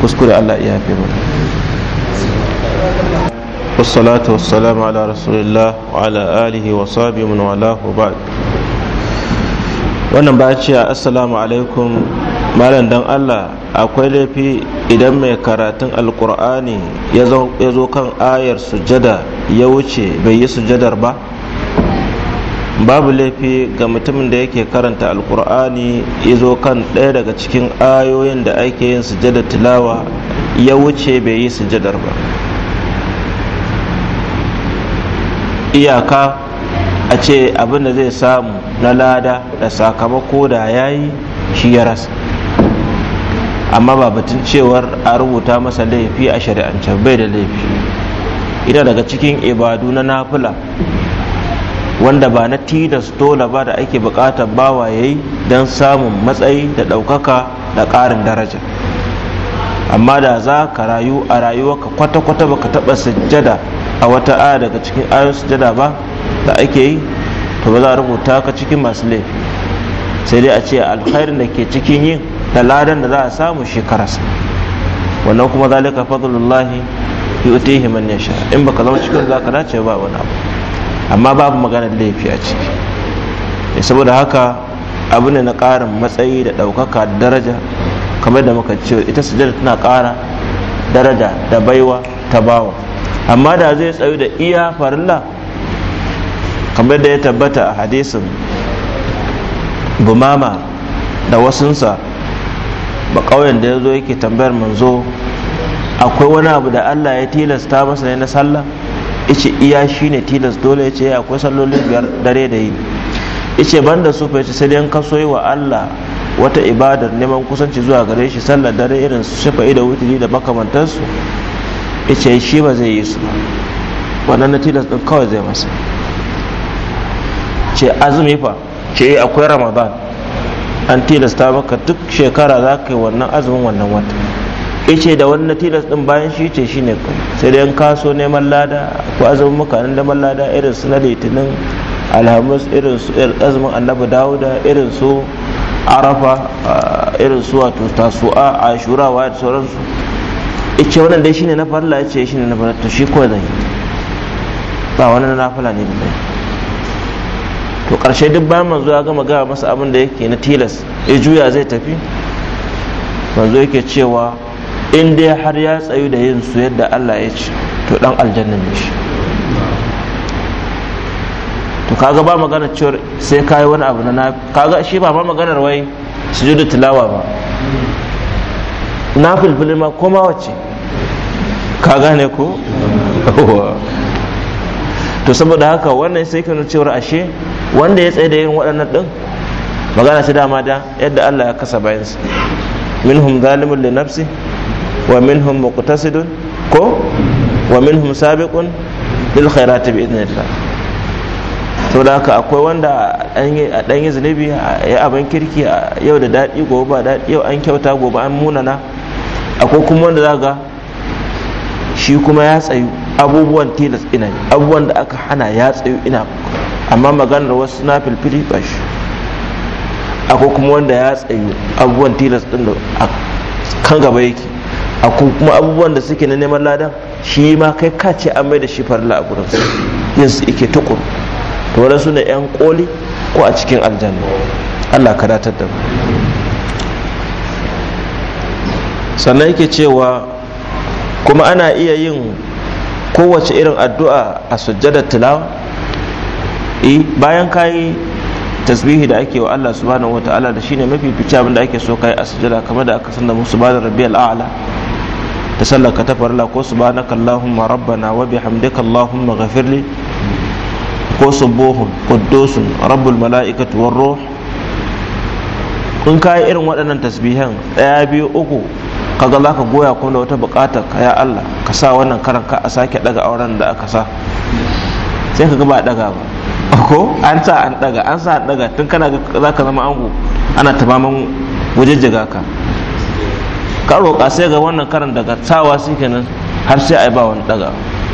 kuskure Allah iya haife mana والصلاة والسلام على رسول الله وعلى آله وصحبه من والاه وبعد wannan ba ce assalamu alaikum malam dan Allah akwai laifi idan mai karatun alkur'ani ya zo kan ayar sujada ya wuce bai yi sujadar ba babu laifi ga mutumin da yake karanta alkur'ani ya zo kan ɗaya daga cikin ayoyin da ake yin sujada tilawa ya wuce bai yi sujadar ba iyaka a ce abin da zai samu na lada da sakamako da ya yi shi ya rasa amma ba batun cewar a rubuta masa laifi a shari'ance bai da laifi ina daga cikin ibadu na nafula. wanda ba na tilas dole ba da ake bukatar bawa ya yi don samun matsayi da ɗaukaka da ƙarin daraja amma da za ka rayu a rayuwa ka kwata-kwata ba ka taɓa sujjada a wata aya daga cikin ayon sujada ba da ake yi to ba za a rubuta ka cikin masu laifi sai dai a ce alkhairin da ke cikin yin da ladan da za a samu shekararsa wannan kuma zalika fadlullahi himan ya sha in baka zama cikin ka dace ba wani abu amma babu maganar laifi a ciki eh, saboda haka abu ne na ƙarin matsayi da ɗaukaka da daraja kamar da muka ce ita sujada tana ƙara daraja da baiwa ta bawa amma da zai tsayu da iya farilla kamar da ya tabbata a hadisin bumama da wasunsa ba ƙauyen da ya zo yake tambayar manzo akwai wani abu da allah ya tilasta masa ne na sallah ice iya shine tilas dole ya ce eh, akwai sallolin biyar dare da yi ice ban da su fahimci, sai dai kaso yi wa allah wata ibadar neman kusanci zuwa gare shi sallar dare irin su shafa'i da wuturi da makamantarsu ya ce shi ba zai yi su wannan na tilas ɗin kawai zai masa ce azumi fa ce eh, akwai ramadan an tilasta maka duk shekara za ka yi wannan azumin wannan wata ce da wani tilas ɗin bayan shi ce shi shine sai dai an so neman lada ko azumin makanin neman lada irin su na litinin alhamis irin su azumin annabi dawuda irin su arafa irin su wato tasu'a ashura wa da sauransu ce wannan dai shine na farla ya ce shine na farla to shi ko zai ba wani na nafila ne dai to karshe duk bayan manzo ya gama gaya masa abin da yake na tilas ya juya zai tafi manzo yake cewa in dai har ya tsayu da yin su yadda Allah ya ce to dan aljanna ne shi to kaga ba magana cewar sai kai wani abu na kaga shi ba ma maganar wai sujudu tilawa ba na filfilin ma koma wace ka gane ko to saboda haka wannan sai ka cewar ashe wanda ya tsaye da yin waɗannan ɗin magana ce dama da yadda Allah ya kasa bayansu minhum zalimun li nafsi wa minhum muqtasidun ko wa minhum sabiqun lil khairati bi idnillah to da haka akwai wanda a ɗanyi zunubi ya abin kirki yau da daɗi gobe ba daɗi yau an kyauta gobe an munana akwai kuma wanda za ga shi kuma ya tsayu abubuwan tilas ina abubuwan da aka hana ya tsayu ina amma maganar wasu na filfili ba shi akwai kuma wanda ya tsayu abubuwan tilas din da kan gaba yake akwai kuma abubuwan da suke na neman ladan shi ma kai ka ce an mai da shi farla a gurin yin su ike tukuru to wadansu ne yan koli ko a cikin aljanna Allah ka datar da mu sannan yake cewa kuma ana iya yin kowace irin addu'a a sujjadar tilawa e, bayan kayi tasbihi da ake wa Allah subhanahu wa ta'ala da shine mafi fice abin da ake so kai a sujjada kamar da aka sanda musu bada rabbiyal a'la ta sallaka ta la ko subhanaka allahumma rabbana wa bihamdika allahumma ghafirli ko subuhun quddusun rabbul malaikati war ruh in kai irin waɗannan tasbihan ɗaya biyu uku kaga za ka goya kuma da wata buƙatar ka ya Allah ka sa wannan karan ka a sake daga auren da aka sa sai ka ga ba daga ba ko an sa an daga an sa an daga tun kana za ka zama ango ana tabaman wajejjaga ka ka roƙa sai ga wannan karan daga tawa su kenan har sai a yi ba wani daga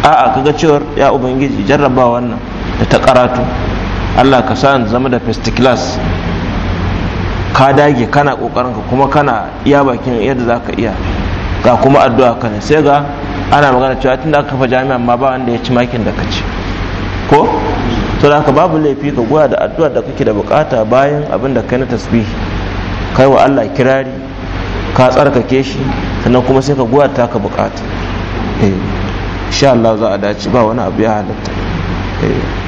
a'a kaga cewar ya ubangiji jarraba wannan da ta karatu Allah ka sa zama da first class ka dage kana kokarin ka kuma kana iya bakin yadda zaka iya ga kuma addu'a ka ne sai ga ana magana cewa tunda aka kafa jami'an ma ba wanda ya ci makin da ka ko to da babu laifi ka goya da addu'a da kake da bukata bayan abin da kai na tasbihi kai wa Allah kirari ka tsarkake shi sannan kuma sai ka goya ta ka bukata eh insha Allah za a dace ba wani abu ya halatta eh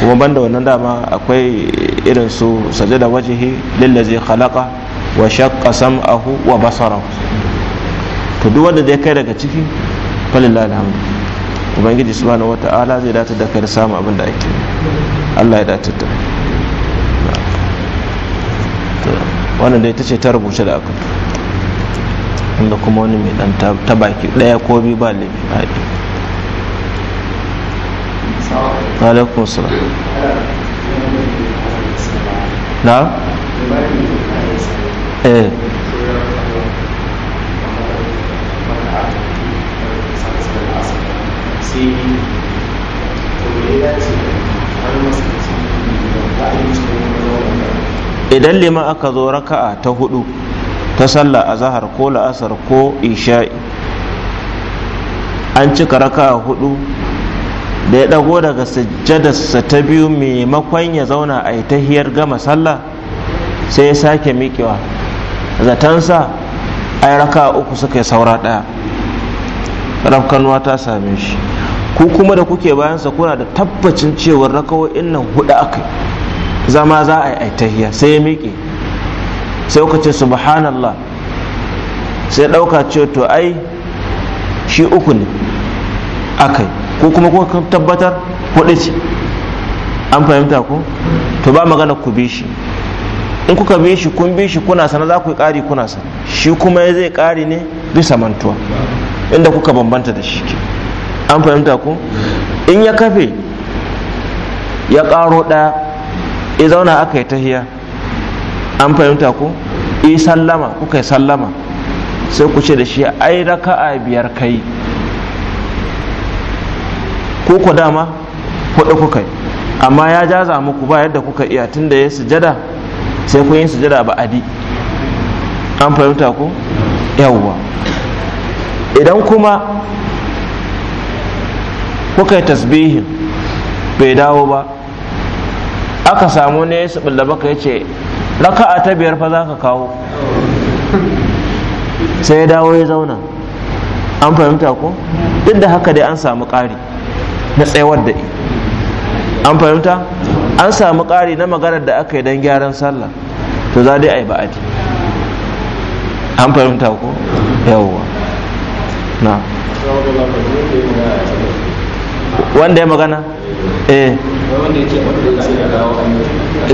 kuma banda wannan dama akwai irin su da wajihi lillazi khalaqa wa shaqqa sam'ahu wa basarahu to duk wanda zai kai daga ciki falillahi alhamdu ubangiji subhanahu wata'ala zai dace da kai samu abin da ake Allah ya dace da wannan dai ta ce ta rubuce da aka inda kuma wani mai dan ta baki daya ko biyu ba laifi alaikum na eh idan liman aka zo raka'a ta hudu ta sallah a zahar ko la'asar ko isha'i an cika raka'a hudu da ya ɗago daga sajjadarsa ta biyu maimakon ya zauna a yi tahiyar gama sallah sai ya sake mikewa zatansa ai raka uku suka yi saura ɗaya rafkanuwa ta same shi ku kuma da kuke bayansa kuna da tabbacin cewar rakawo'in nan hudu aka zama za a yi aitahiya sai ya miƙe sai kuka ce subhanallah sai ɗauka ce to ai shi uku ne aka ko kuma kuka tabbatar hudu ce an fahimta ku? to ba magana ku bi shi in kuka bi shi kun bi shi kuna sana za ku yi ƙari kuna sana shi kuma ya zai ƙari ne bisa mantuwa inda kuka bambanta da shi an fahimta ku in ya kafe ya ƙaro ɗaya ya zauna aka yi tahiya an fahimta ku yi sallama kuka yi sallama sai ku ce da shi ai raka'a biyar kai ko ku dama da kuka amma ya jaza muku ba yadda kuka iya da ya sujada sai kun yi sujada ba adi an fahimta ko yawwa idan kuma kuka yi tasbihin bai dawo ba aka samu ne su bulla baka ya raka'a ta biyar fa za ka kawo sai ya dawo ya zauna an fahimta ko duk da haka dai an samu ƙari na tsayawar da an fahimta an samu ƙari na maganar da aka yi don gyaran sallah to za dai a yi ba'adi an fahimta ko yawwa na wanda ya magana eh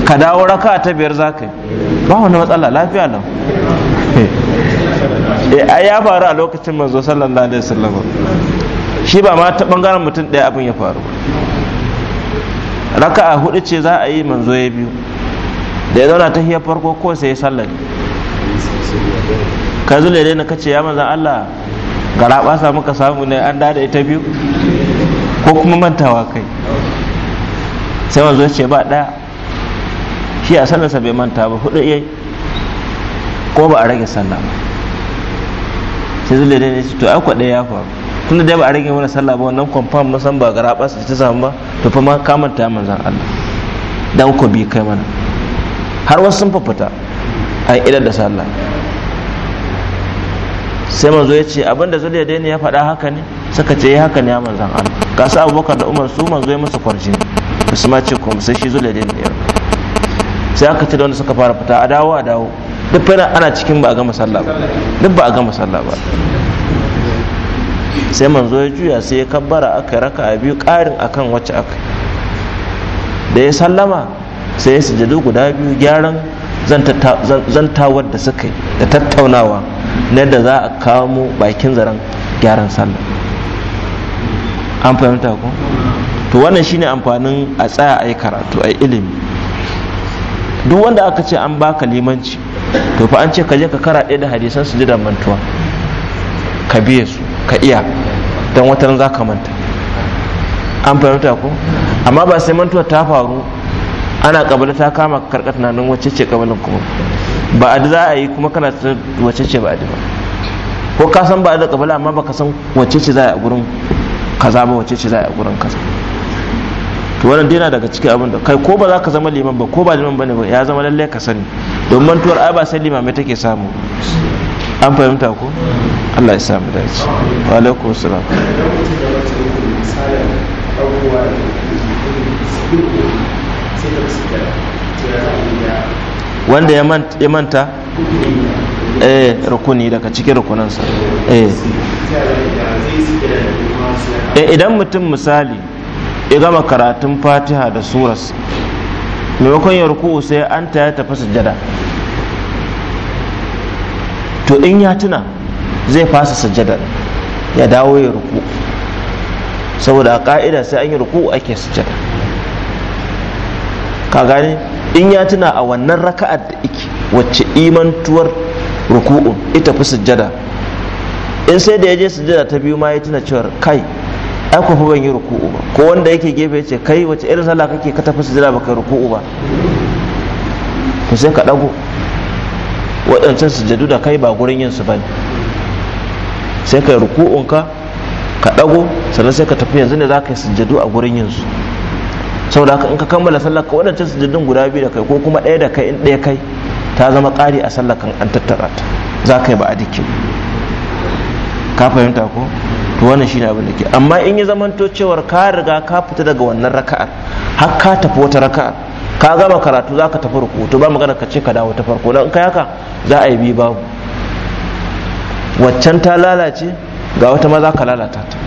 ka dawo raka ta biyar za ka yi ba wani matsala lafiya nan eh, eh ya faru a lokacin manzo sallallahu alaihi wasallam shi ba ma ta bangaren mutum ɗaya abin ya faru raka a hudu ce za a yi manzo ya biyu da ya zauna ta hiyar farko ko sai ya sallar ka zule dai na kace ya manzan Allah gara samu muka samu ne an da ita biyu ko kuma mantawa kai sai manzo ce ba ɗaya shi a sallarsa bai manta ba hudu yayi ko ba a rage sallah ba sai zule dai ce to ai ɗaya ya faru da dai ba a rage mana sallah ba wannan confirm na san ba gara ba ta samu ba to fa ma kamanta zan Allah dan ko bi kai mana har wasu sun fafata an idar da sallah sai manzo ya ce abinda zai dai ne ya faɗa haka ne Saka ce ya eh, haka ne ya manzan Allah ga su abubakar da umar su manzo ya masa kwarji ba su ma ce kuma sai shi zai dai ne ya sai aka ce da wanda suka fara fita a dawo a dawo duk fara ana cikin ba a gama sallah ba duk ba a gama sallah ba sai manzo ya juya sai ya kabbara aka raka a biyu karin akan wacce aka da ya sallama sai ya sujadu guda biyu gyaran zantawar da suka yi da tattaunawa na yadda za a kamo bakin zaren gyaran sallah an fahimta ku? to wannan shine amfanin a tsaya a yi karatu a ilimi duk wanda aka ce an baka limanci to fa an ce ka je ka kara ɗaya da hadisan su jidan mantuwa ka biye su ka iya don watan za ka manta an fahimta ko amma ba sai mantuwa ta faru ana kabila ta kama karka tunanin wacce ce kabilin kuma ba a za a yi kuma kana ta wacce ce ba a ba ko ka san ba a da kabila amma baka san wacce ce za a gurin kaza ba wacce ce za a gurin kaza to wannan dai na daga cikin abin da kai ko ba za ka zama liman ba ko ba liman bane ba ya zama lallai ka sani don mantuwar ai ba sai limamai take samu an fahimta ko Allah ya sa mu dace wa alaikum salam wanda ya manta eh rukuni daga cikin rukunansa eh. eh idan mutum misali ya gama karatun fatiha da suras maimakon ya ruku sai an ta ya tafi sujada to in ya tuna zai fasa sajjadar ya dawo ya ruku saboda a ka'ida sai an yi ruku ake sujjada ka gani in ya tuna a wannan raka'ar da iki wacce imantuwar ruku'un ita fi sajjada in sai da ya je sajjada ta biyu ma ya tuna cewar kai ai ku ban yi ruku'u ba ko wanda yake gefe ce kai wacce irin sallah kake ka tafi sujjada baka ruku'u ba to sai ka dago waɗancan sujadu da kai ba gurin yin su ba ne sai ka ruku'unka ka ɗago sannan sai ka tafi yanzu ne za ka yi sujadu a gurin yin su saboda haka in ka kammala sallar ka waɗancan sujadun guda biyu da kai ko kuma ɗaya da kai in ɗaya kai ta zama ƙari a sallar kan an tattara ta za ka yi ba a dike ka fahimta ko to wannan shine abin da ke amma in yi zamanto cewar ka riga ka fita daga wannan raka'ar har ka tafi wata raka'ar ka gama karatu za ka tafi rukutu ba magana ka ce ka dawo ta farko don ka haka za a yi bi babu waccan ta lalace ga wata ma za ka lalata ta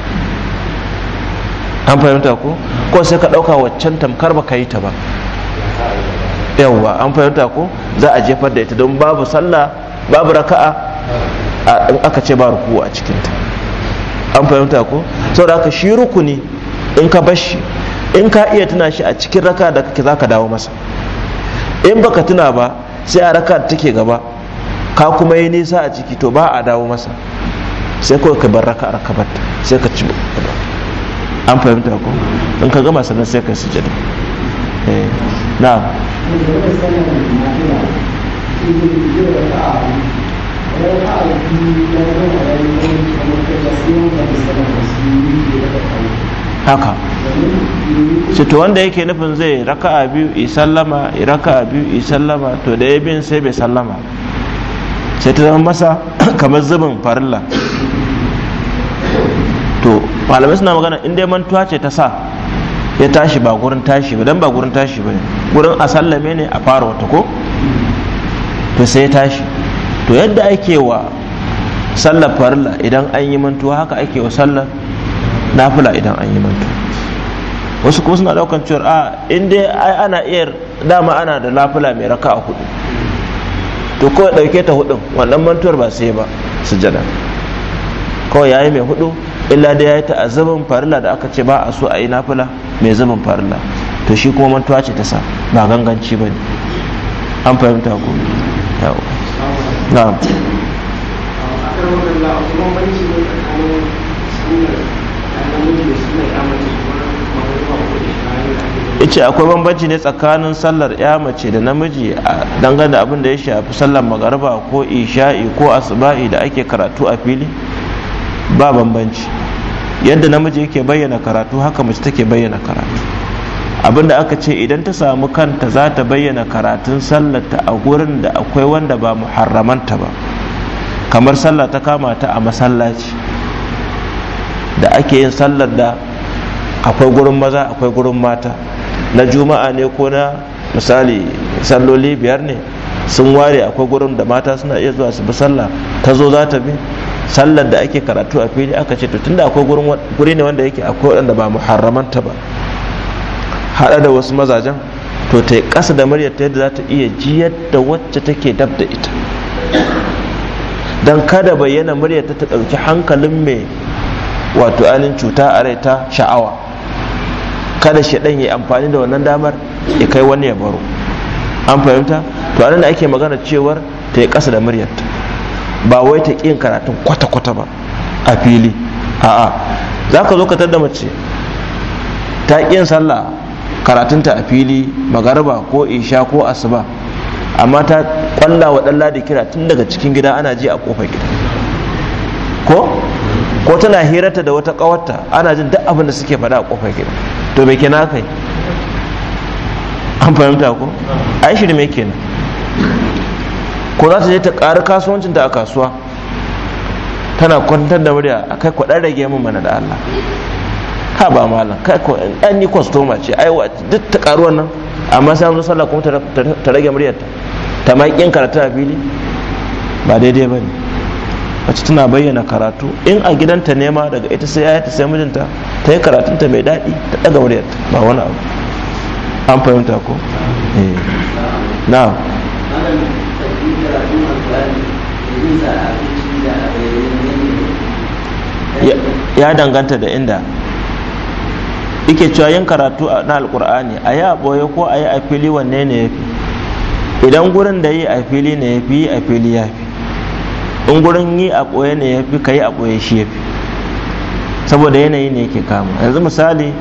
an fahimta ko ko sai ka ɗauka waccan tamkar ba ka yi ta ba yawwa an fahimta ko za a jefar da ita don babu sallah babu raka'a in aka ce ba ruku a cikinta an fahimta ko saboda haka shi rukuni in ka bashi. shi in ka iya tuna shi a cikin raka da kake za ka dawo masa in baka tuna ba sai a raka take gaba ka kuma yi nisa a ciki to ba a dawo masa sai kawai ka bar raka a rakabar sai ka ci an fahimta ko in ka gama sannan sai ka sujada eh, na'am Thank you. haka to wanda yake nufin zai raka'a biyu i sallama i raka'a biyu i sallama to da ya bin sai bai sallama sai ta zama masa kamar zubin farilla to malamai suna magana in dai mantuwa ce ta sa ya tashi ba gurin tashi ba dan ba gurin tashi ba ne gurin a sallame ne a fara wata ko to sai ya tashi to yadda ake wa sallar farilla idan an yi mantuwa haka ake wa sallar nafila idan an yi mantu wasu kuma suna daukan cewar a ah, inda ai ana iya dama ana da nafila mai raka a hudu to kawai dauke ta hudun wannan mantuwar ba sai ba su sujada kawai yayi mai hudu illa da yayi ta azabin farilla da aka ce ba a so a yi nafila mai zubin farilla to shi kuma mantuwa ce ta sa ba ganganci ba ne an fahimta ko na'am yace akwai bambanci ne tsakanin sallar ya mace da namiji a dangane da abin da ya shafi sallar magarba ko isha'i ko asuba'i da ake karatu a fili ba bambanci yadda namiji yake bayyana karatu haka mace take bayyana karatu abin da aka ce idan ta samu kanta za ta bayyana karatun sallarta a gurin da akwai wanda ba muharramanta ba kamar sallar ta kama ta a masallaci da ake yin sallar da akwai gurin maza akwai gurin mata na juma'a ne ko na misali salloli biyar ne sun ware akwai gurin da mata suna iya zuwa su bi sallah ta zo za ta bi sallar da ake karatu a fili aka ce to tunda akwai guri ne wanda yake akwai wadanda ba muharramanta ba haɗa da wasu mazajen to ta yi ƙasa da muryar ta yadda za ta iya ji da wacce take dab da ita don kada bayyana muryar ta ta ɗauki hankalin mai wato ainihin cuta a rai ta sha'awa kada shaɗan ya amfani da wannan damar ya kai wani ya baro an fahimta to anan da ake magana cewar ta yi ƙasa da muryarta ba wai ta ƙin karatun kwata-kwata ba a fili a'a za ka zo ka da mace ta ƙin sallah karatunta a fili magarba ko isha ko asuba amma ta kwalla wa ɗalla da kira tun daga cikin gida ana ji a ƙofar gida ko ko tana hirata da wata kawarta ana jin duk abin da suke faɗa a kofar gida to me kenan kai an fahimta ko ai shi me kenan ko za ta je ta ƙari kasuwancin ta a kasuwa tana kwantar da murya a kai kwaɗan rage min mana da Allah ka ba malam kai ko ɗan ni kwastoma ce ai wa duk ta ƙari nan amma sai an zo sallah kuma ta rage muryarta ta ma ƙin karatu a fili ba daidai ba ne mace tana bayyana karatu in a gidanta nema daga ita sai ta sai mijinta ta yi karatunta mai daɗi ta ɗaga muryarta ba wani abu an fahimta ko eh. na ya danganta da inda ike cewa yin karatu na alkur'ani a yi a ɓoye ko a yi a fili wanne ne ya fi idan gurin da yi a fili ne ya fi a fili ya fi in gurin yi a ɓoye ne ya fi ka yi a ɓoye shi ya fi saboda yanayi ne yake kama yanzu misali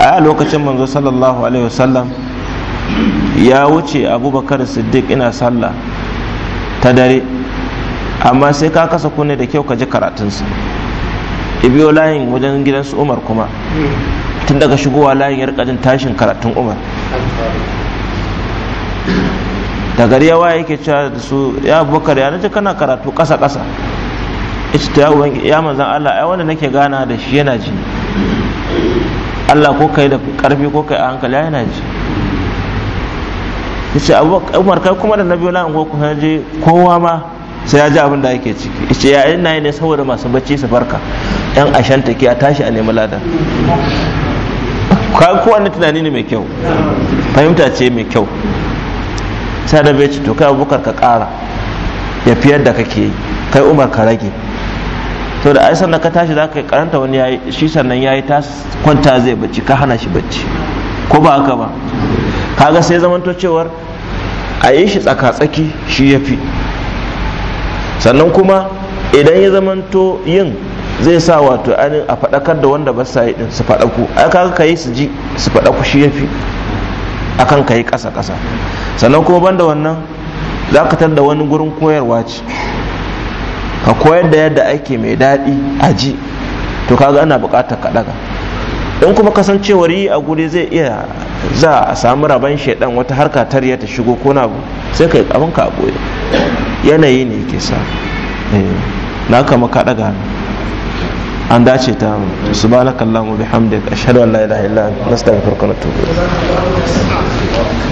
a lokacin manzo sallallahu alaihi wasallam ya wuce abubakar siddiq ina sallah ta dare amma sai ka kasa kunne da kyau ka ji karatunsa ibiyo layin wajen gidansu umar kuma hmm. tun daga shigowa layin ya rika tashin karatun umar da gari yawa yake cewa da su ya bukar ya nace kana karatu ƙasa ƙasa ita ta ya manzan Allah ai wanda nake gana da shi yana ji Allah ko kai da karfi ko kai a hankali yana ji yace Umar kai kuma da Nabi Allah ko kuma je kowa ma sai ya ji abin da yake ciki ita ya ina ne saboda masu bacci su farka yan ashanta ke a tashi a nemi ladan ka kowanne tunani ne mai kyau fahimta ce mai kyau sai da bai to kai abubakar ka kara ya fi yadda kake yi kai umar ka rage to da ai sannan ka tashi za ka yi karanta wani yayi shi sannan yayi ta kwanta zai bacci ka hana shi bacci ko ba haka ba kaga sai zamanto cewar a yi shi tsaka-tsaki shi ya fi sannan kuma idan ya zamanto yin zai sa wato a faɗakar da wanda ba sa yi din su faɗaku ai kaga ka yi su ji su faɗaku shi ya fi akan ka yi ƙasa ƙasa sannan kuma banda wannan za ka da wani gurin koyarwa ce ka koyar da yadda ake mai daɗi a ji to kaga ana buƙatar ka ɗaga in kuma kasancewar yi a guri zai iya za a samu rabon shaidan wata harka tarya ta shigo ko na sai ka yi abin ka a yanayi ne ke sa eh, na kama ka ɗaga ne. an dace ta mu subhanakallahumma bihamdika ashhadu an la ilaha illa anta astaghfiruka wa atubu